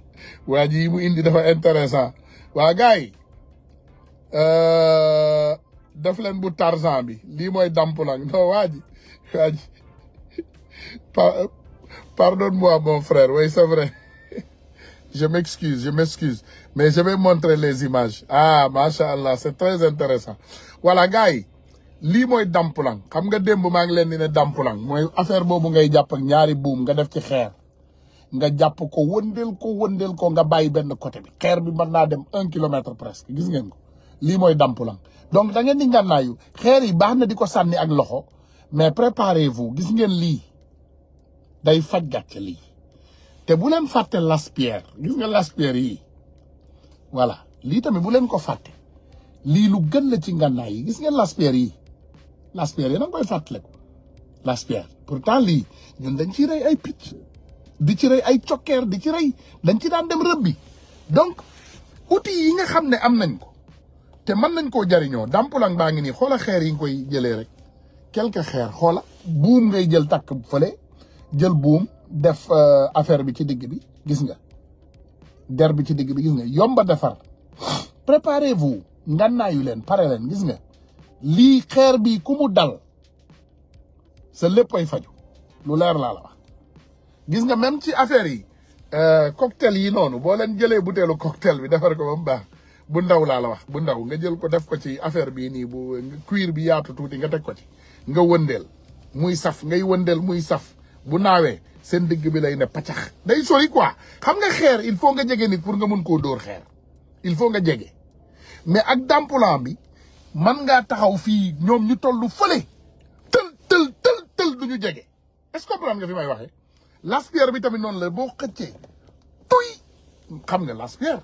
waa ji yi indi dafa intéressant waa gars euh, def bu tarzan bi li moy dampulang non wadi, ji pardonne moi mon frère oui c'est vrai je m'excuse je m'excuse mais je vais montrer les images ah machallah c'est très intéressant voilà gars li moy dampulang xam nga démb ma ngi leen ne dampulang moy affaire bobu ngay japp ak ñaari boom nga def ci xeer nga japp ko wëndeel ko wëndeel ko nga bàyyi ben côté bi xeer bi mën dem un kilomètre presque gis ngeen ko li moy dampulang donc da ngeen di ngannaayu xeer yi baxna diko di ko ak loxo mais préparez-vous gis ngeen li day faj gàcce li te bu faté las pierre gis nga pierre yi voilà li tamit bu len ko faté li lu gën la ci ngànnaay gis ngeen pierre yi laspierre yi da nga koy las pierre pourtant li ñun dañ ci ay pitch di ci rey ay choker di ci rey dañ ci daan dem rebbi donc outil yi nga xamné ne am nañ ko. te man nañ koo jariñoo dàmpulang baa ngi nii xoola xeer yi nga koy jëlee rek quelque xeer xoola buum ngay jël takk fële jël buum def euh, affaire bi ci digg bi gis nga der bi ci digg bi gis nga yomba defar préparez-vous ngannaayu leen pare leen gis nga lii xeer bi ku dal sa léppay faju lu leer laa la wax gis nga même ci affaire yi euh, cocktail yi noonu boo leen jëlee buteelu cocktail bi defar ko ba mu baax bu ndaw laa la wax bu ndaw nga jël ko def ko ci affaire bii nii bu cuir bi yaatu tuuti nga teg ko ci nga wëndeel muy saf ngay wëndeel muy saf bu naawee seen digg bi lay ne paccax day sori quoi xam nga xeer il faut nga jege nit pour nga mun koo dóor xeer il nga jege mais ak dampulan bi man ngaa taxaw fii ñoom ñu toll fële tël tël tël du ñu jege est-ce que comprendre nga fi may waxee laspierre bi tamit noonu la boo xëccee tuy xam nga laspierre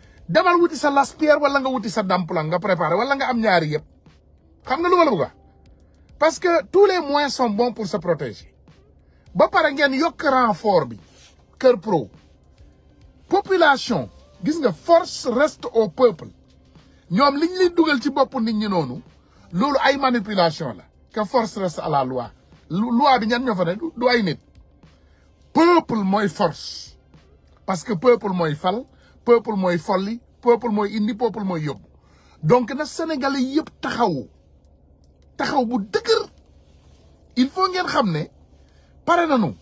demal wuti sa las pierre wala nga wuti sa damplan nga préparer wala nga am ñaar yëpp xam nga luma la bëgg parce que tous les moyens sont bons pour se protéger ba pare ngeen yok renfort bi cœur pro population gis nga force reste au peuple ñom liñ li duggal ci bop nit ñi nonu lolu ay manipulation la que force reste à la loi loi bi ñan ñofa ne du ay nit peuple moy force parce que peuple moy fall. peuple moy folli peuple moy indi peuple moy yob donc na sénégalais yëpp taxaw taxaw bu deuguer il faut ngeen xamné paré nañu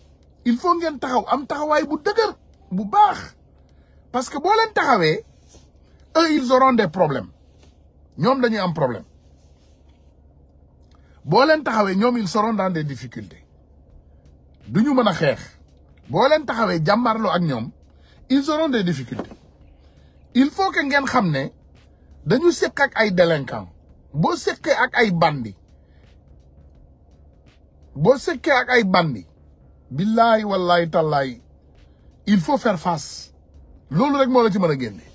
il faut ngeen taxaw am taxaway bu deuguer bu bax parce que bo len taxawé eux ils auront des problèmes ñom dañuy am problème bo len taxawé ñom ils seront dans des difficultés duñu mëna mën bo len taxawé leen taxawee ak ñom ils auront des difficultés il faut que ngeen xamné dañu séq ak ay délinquants bo séqee ak ay bandi bo séqee ak ay bandi billahi wallahi tallaay il faut faire face lolu rek mo la ci mëna a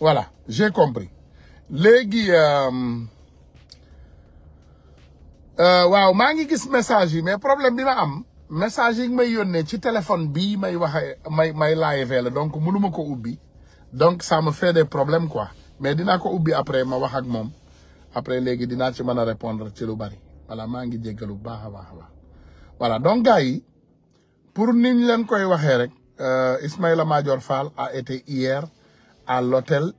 voilà j'ai compris euh, euh waaw ma ngi gis message yi mais problème bi ma am message yi nga may yónnee ci téléphone bi may waxe may may live la donc mënuma ko ubi donc ça me fait des problèmes quoi mais dina ko ubi après ma wax ak mom après légui dina ci mën a répondre ci lu bari voilà maa ngi jéggalu baax a voilà donc gars yi pour niñ len koy waxee rek euh, Ismaïla Major Fall a été hier à l'hôtel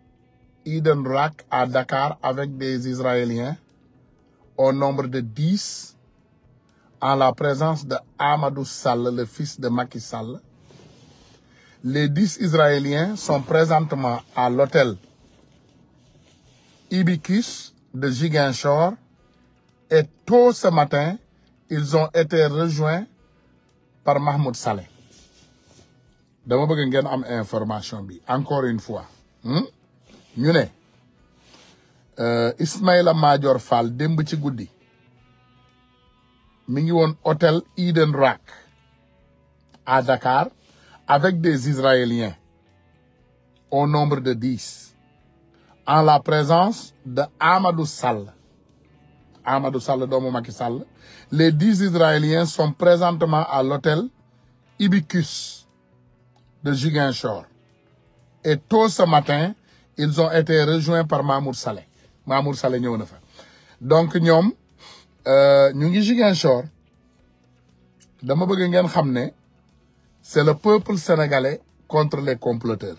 Eden Rack à Dakar avec des Israéliens au nombre de 10 en la présence de Amadou Sall, le fils de Macky Sall. Les dix Israéliens sont présentement à l'hôtel Ibikis de Giganchor. et tôt ce matin, ils ont été rejoints par Mahmoud Saleh. dama vous am information encore une fois hmm? ñu euh, Ismaïla Madior Fall Mignon Hotel hôtel Eden Rak à Dakar avec des Israéliens au nombre de 10 en la présence de Amadou Sall Amadou Sall les 10 Israéliens sont présentement à l'hôtel Ibicus de Giganshore et tôt ce matin ils ont été rejoints par Mahmoud Saleh Mamour Saleh ñëw donc Nyom Euh, ñu ngi Ziguinchor dama bëgg ngeen xam ne c'est le peuple sénégalais contre les comploteurs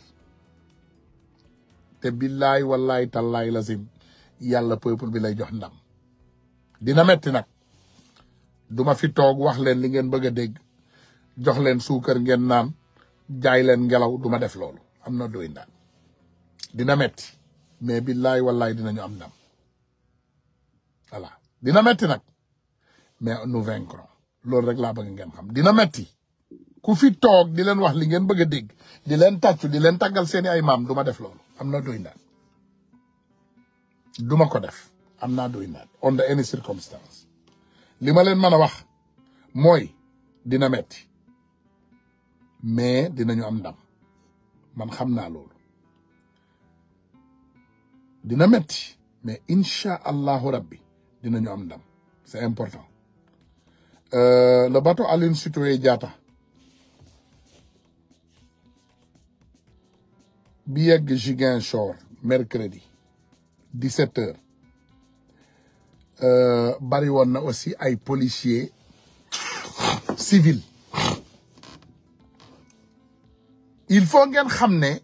te billaay wallaay tallaay lazim yàlla peuple bi lay jox ndam dina metti nag duma fi toog wax leen li ngeen bëgg dégg jox leen suukar ngeen naan jaay leen ngelaw duma def loolu am na doy ndaan dina metti mais billaay wallaay dinañu am ndam voilà dina metti nag mais nous vaincrons loolu rek laa bëgg ngeen xam dina metti ku fi toog di leen wax li ngeen bëgg a dégg di leen tàccu di leen tàggal seeni ay maam duma def loolu am na doy naat duma ko def am naa doy naat under any circumstance li ma leen mën a wax mooy dina metti mais dinañu am ndam man xam naa loolu dina metti mais incha allahu rabbi c'est important euh, le bateau Aline Situé Diata. Bien Gigan Shore, mercredi 17 heures euh, bari aussi ay policiers civils il faut que vous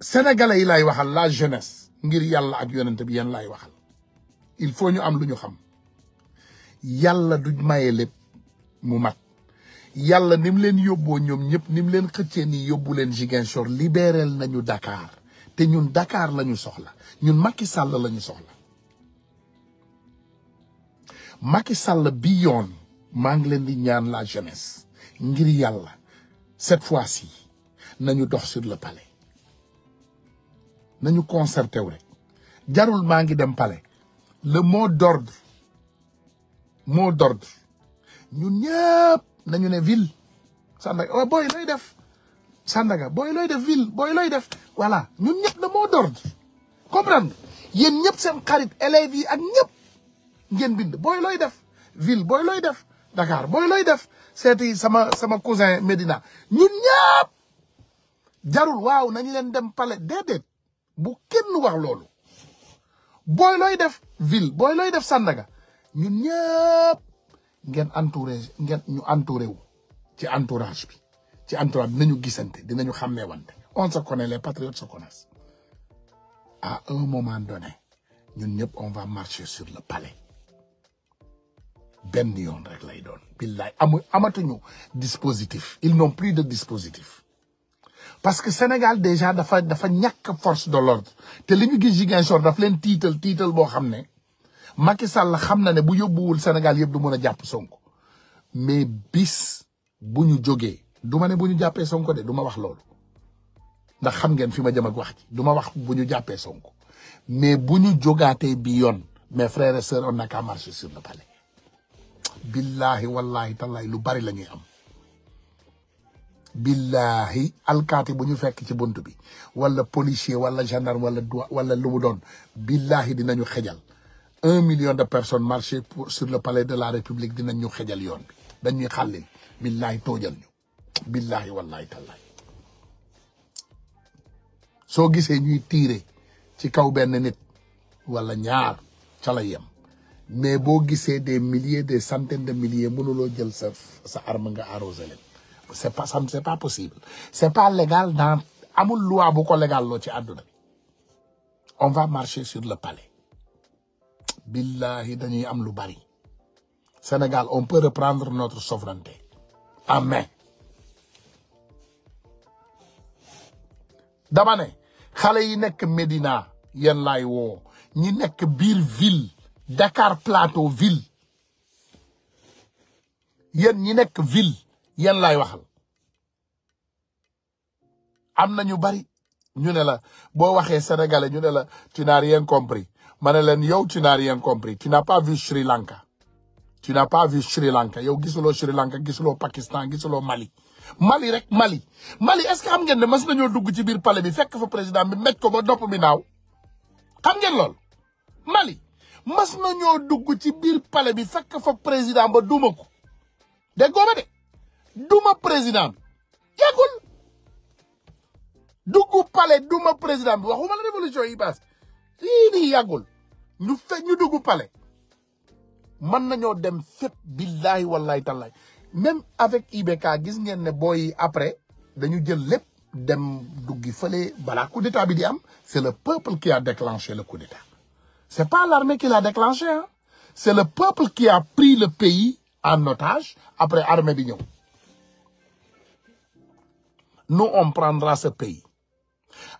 sénégalais la jeunesse ngir ak yonent bi il faut ñu am lu ñu xam yàlla du maye lépp mu mat yàlla ni mu leen yóbboo ñoom ñëpp nim leen xëccee nii yóbbu leen Ziguinchor libéral nañu Dakar te ñun dakaar lañu soxla ñun Macky Sall la soxla Macky Sall bi yoon maa ngi leen di ñaan la jeunesse ngir yàlla cette fois si nañu dox sur le palais nañu concerté wu rek jarul maa ngi dem palais le mot d'ordre mot d'ordre ñun ñëpp nañu ne ville Sandaga waaw oh, booy def Sandaga booy looy def ville booy looy def voilà ñun ñëpp le mot d'ordre comprendre yéen ñëpp seen xarit élèves yi ak ñëpp ngeen bind booy looy def ville booy looy def Dakar booy looy def seeti sama sama cousin Medina ñun ñëpp jarul waaw nañu leen dem pale déedéet bu kenn wax loolu boy loy def ville boy loy def Sandaga ñun ñëpp ngeen entouré ngeen ñu entouré wu ci entourage bi ci entourage bi dinañu gisante dinañu xamé wante on se connaît les patriotes se connaissent à un moment donné ñun ñëpp on va marcher sur le palais ben yon rek lay doon billahi amatuñu dispositif ils n'ont plus de dispositif parce que Sénégal déjà dafa dafa ñàkk force de l'ordre te li ñu gis Ziguinchor daf leen tiital tiital boo xam ne Macky Sall xam na ne bu yóbbuwul Sénégal yëpp du mën a jàpp Sonko mais bis bu ñu jógee du ma ne bu ñu jàppee Sonko de du ma wax loolu ndax xam ngeen fi ma jëm ak wax ci du ma wax bu ñu jàppee Sonko mais bu ñu jógaatee bi yoon mes frères et sœurs on n'a qu'à marcher sur le palais billahi wallahi tallahi lu bari la ñuy am billahi al katib buñu fekk ci buntu bi wala policier wala gendarme wala wala lu mu doon billahi dinañu xejal 1 million de personnes marcher pour sur le palais de la république dinañu xejal yoon bi dañuy xàllil billahi tojal ñu billahi wallahi tallah so gisee ñuy tiré ci kaw ben nit wala ñaar ci la yem mais bo gisee des milliers des centaines de milliers mënuloo jël sa sa arme nga arroser c'est pas ça c'est pas possible c'est pas légal dans amul loi légal ci on va marcher sur le palais billahi dañuy am Sénégal on peut reprendre notre souveraineté Amen Damane. dama Medina y'en yi nek Médina ville Dakar Plateau ville y'en ñi ville yan laay waxal amna ñu bari ñu ne la bo waxe sénégalais ñu ne la tu n'as rien compris mané len yow tu n'as rien compris tu n'as pas vu Sri Lanka tu n'as pas vu Sri Lanka yow gisulo Sri Lanka gisulo Pakistan gisulo Mali Mali rek Mali Mali est-ce que xam ngeen ne mas nañu dugg ci bir palais bi fekk fa président bi met ko ba dopp bi naw xam ngeen lol Mali mas nañu dugg ci bir palais bi fekk fa président ba duma ko déggoo de duma président Yagoul. yàggul palais duma président bi waxuma la révolution yi passe. nous nii yàggul ñu Maintenant, ñu palais dem billahi même avec Ibeka, gis voyez ne boy après dañu jël dem duggi fële balaa coup d'état c'est le peuple qui a déclenché le coup d'état c'est pas l'armée qui l'a déclenché hein. c'est le peuple qui a pris le pays en otage après armée Bignon nous on prendra ce pays.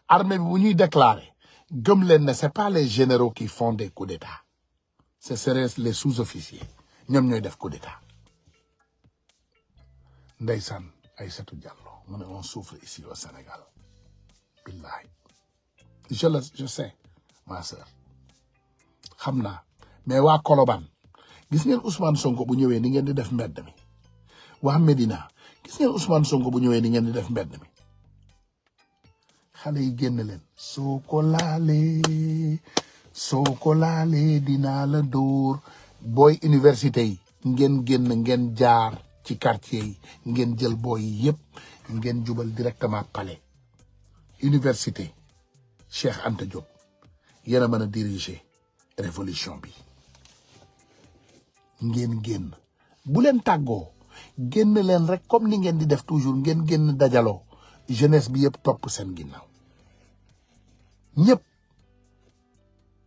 Armée vous nous déclarez, déclarer ne c'est pas les généraux qui font des coups d'état ce seraient les sous-officiers ñoom font des coups d'état ndeysaan Aïssatou Diallo on souffre ici au Sénégal billahi je je sais ma soeur. Je mais wa koloban. gis Ousmane Sonko bu ñëwee ni ngeen di def mbedd Medina gis ngeen Ousmane Sonko bu ñëwee ni ngeen di def mbedd mi xale yi génn leen soko ko di soo ko laalee dinaa la dóor booy université yi ngeen génn ngeen jaar ci quartier yi ngeen jël boy yi yëpp ngeen jubal directement palais université Cheikh Anta Diop yéen a diriger révolution bi ngeen génn bu leen tàggoo génn leen rek comme ni ngeen di def toujours ngeen génn dajaloo jeunesse bi yëpp topp seen ginnaaw ñëpp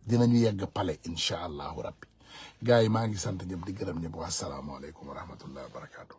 dinañu yegg pale incha allah rabbi gars yi maa ngi sant ñëpp di gërëm ñëpp wa salaamualeykum wa rahmatullah wa barakaatu.